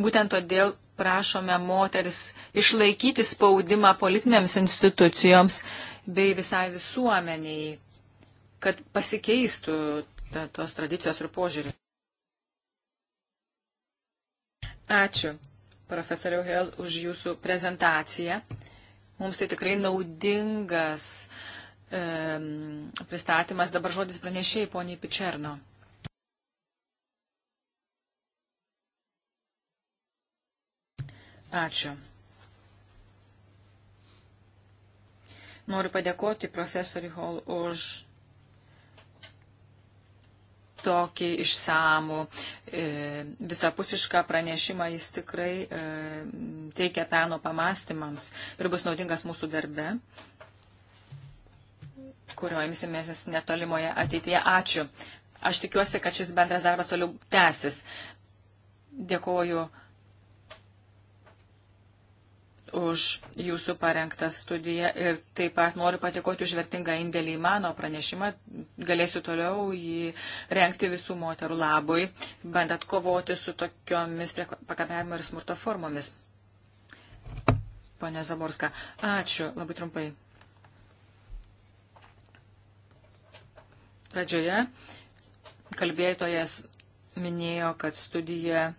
Speaker 2: Būtent todėl prašome moteris išlaikyti spaudimą politinėms institucijoms bei visai visuomeniai, kad pasikeistų ta, tos tradicijos ir požiūrį. Ačiū, profesoriau Hel, už jūsų prezentaciją. Mums tai tikrai naudingas e, pristatymas. Dabar žodis pranešėjai, poniai Pičerno. Ačiū. Noriu padėkoti profesoriui Hall už tokį išsamų, e, visapusišką pranešimą jis tikrai e, teikia peno pamastymams ir bus naudingas mūsų darbe, kurio imsimės netolimoje ateityje. Ačiū. Aš tikiuosi, kad šis bendras darbas toliau tęsis. Dėkoju už jūsų parengtą studiją ir taip pat noriu patikoti už vertingą indėlį į mano pranešimą. Galėsiu toliau jį renkti visų moterų labui, bandant kovoti su tokiomis pakabiavimo ir smurto formomis. Pone Zaborska, ačiū labai trumpai. Pradžioje kalbėtojas minėjo, kad studija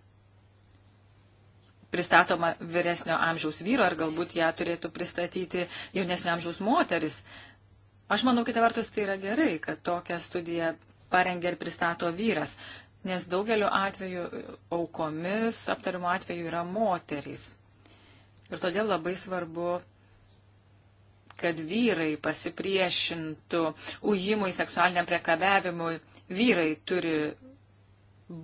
Speaker 2: pristatoma vyresnio amžiaus vyro ar galbūt ją turėtų pristatyti jaunesnio amžiaus moteris. Aš manau, kitą vertus, tai yra gerai, kad tokią studiją parengia ir pristato vyras, nes daugeliu atveju aukomis aptarimo atveju yra moterys. Ir todėl labai svarbu kad vyrai pasipriešintų ujimui, seksualiniam priekabiavimui. Vyrai turi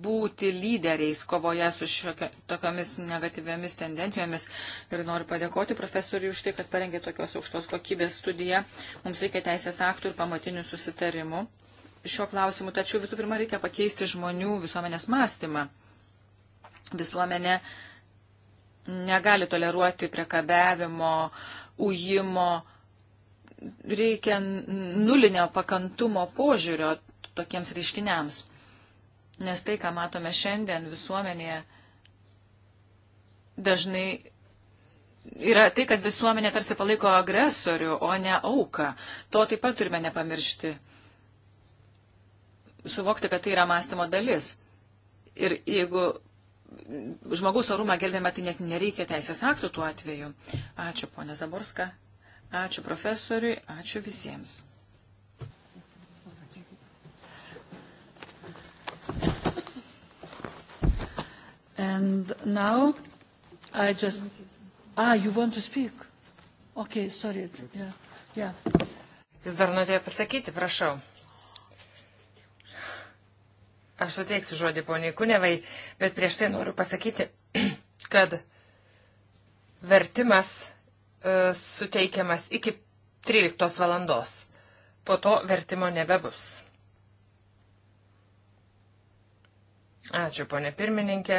Speaker 2: būti lyderiais kovoje su šiokia, tokiamis negatyviamis tendencijomis. Ir noriu padėkoti profesoriui už tai, kad parengė tokios aukštos kokybės studiją. Mums reikia teisės aktų ir pamatinių susitarimų šiuo klausimu. Tačiau visų pirma reikia pakeisti žmonių visuomenės mąstymą. Visuomenė negali toleruoti priekabiavimo, ujimo. Reikia nulinio pakantumo požiūrio tokiems reiškiniams. Nes tai, ką matome šiandien visuomenėje, dažnai yra tai, kad visuomenė tarsi palaiko agresorių, o ne auką. To taip pat turime nepamiršti. Suvokti, kad tai yra mąstymo dalis. Ir jeigu žmogaus orumą gerbėme, tai net nereikia teisės aktų tuo atveju. Ačiū, ponė Zaborska. Ačiū profesoriui, ačiū visiems.
Speaker 3: And now I just. Ah, you want to speak? Okay, sorry. Yeah. Yeah. Jūs dar norėjote pasakyti, prašau. Aš suteiksiu žodį poniai Kunevai, bet prieš tai noriu pasakyti, kad vertimas e, suteikiamas iki 13 valandos. Po to vertimo nebebus. Ačiū, ponė pirmininkė.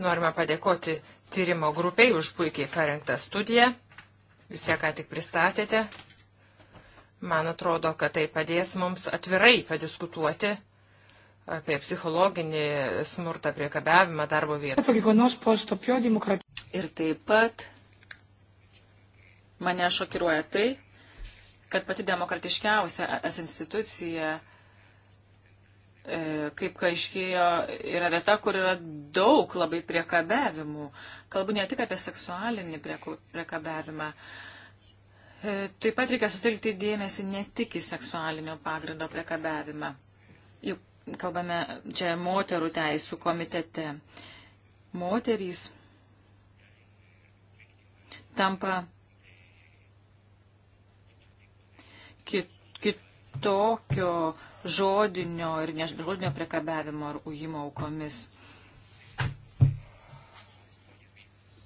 Speaker 3: Norime padėkoti tyrimo grupiai už puikiai parengtą studiją. Jūs ją ką tik pristatėte. Man atrodo, kad tai padės mums atvirai padiskutuoti apie psichologinį smurtą priekabiavimą darbo vietoje.
Speaker 2: Ir taip pat Mane šokiruoja tai, kad pati demokratiškiausia e- es institucija, e, kaip kai iškėjo, yra vieta, kur yra daug labai priekabiavimų. Kalbu ne tik apie seksualinį priekabiavimą. E, taip pat reikia sutelkti dėmesį ne tik į seksualinio pagrindo priekabiavimą. Juk kalbame čia moterų teisų komitete. Moterys tampa kit, kitokio žodinio ir nežodinio prekabiavimo ar ujimo aukomis.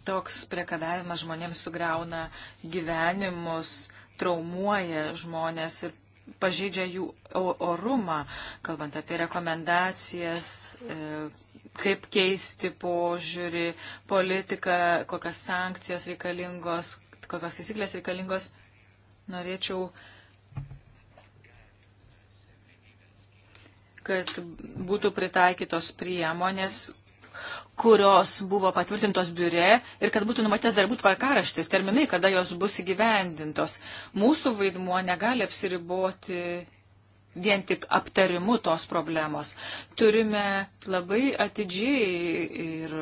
Speaker 2: Toks prekabiavimas žmonėms sugriauna gyvenimus, traumuoja žmonės ir pažeidžia jų orumą, kalbant apie rekomendacijas, e, kaip keisti požiūrį, politiką, kokias sankcijos reikalingos, kokios įsiklės reikalingos. Norėčiau uh, kad būtų pritaikytos priemonės, kurios buvo patvirtintos biure ir kad būtų numatęs darbų tvarkaraštis, terminai, kada jos bus įgyvendintos. Mūsų vaidmuo negali apsiriboti vien tik aptarimu tos problemos. Turime labai atidžiai ir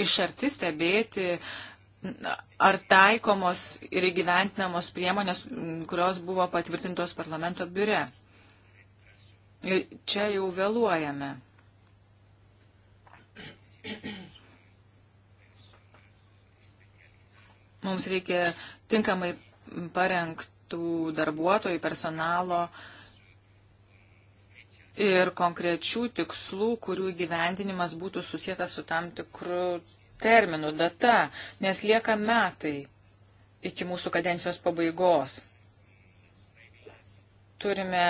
Speaker 2: iš arti stebėti, ar taikomos ir įgyventinamos priemonės, kurios buvo patvirtintos parlamento biure. Ir čia jau vėluojame. Mums reikia tinkamai parengtų darbuotojų personalo ir konkrečių tikslų, kurių gyvendinimas būtų susijęs su tam tikru terminu, data, nes lieka metai iki mūsų kadencijos pabaigos. Turime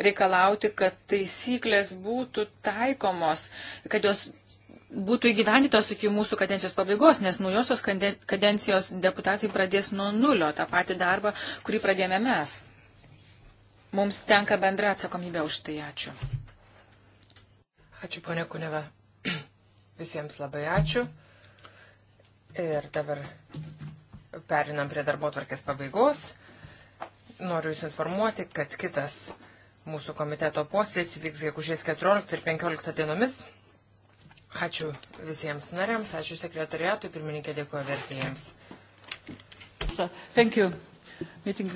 Speaker 2: reikalauti, kad taisyklės būtų taikomos, kad jos būtų įgyvendytos iki mūsų kadencijos pabaigos, nes naujosios kadencijos deputatai pradės nuo nulio tą patį darbą, kurį pradėjome mes. Mums tenka bendra atsakomybė už tai. Ačiū. Ačiū, ponė Kuneva.
Speaker 3: Visiems labai ačiū. Ir dabar perinam prie darbo tvarkės pabaigos. Noriu Jūs informuoti, kad kitas Mūsų komiteto posėdis vyks gegužės 14 ir 15 dienomis. Ačiū visiems nariams, ačiū sekretariatui, pirmininkė dėkoja vertėjams.
Speaker 2: Thank you. Meeting.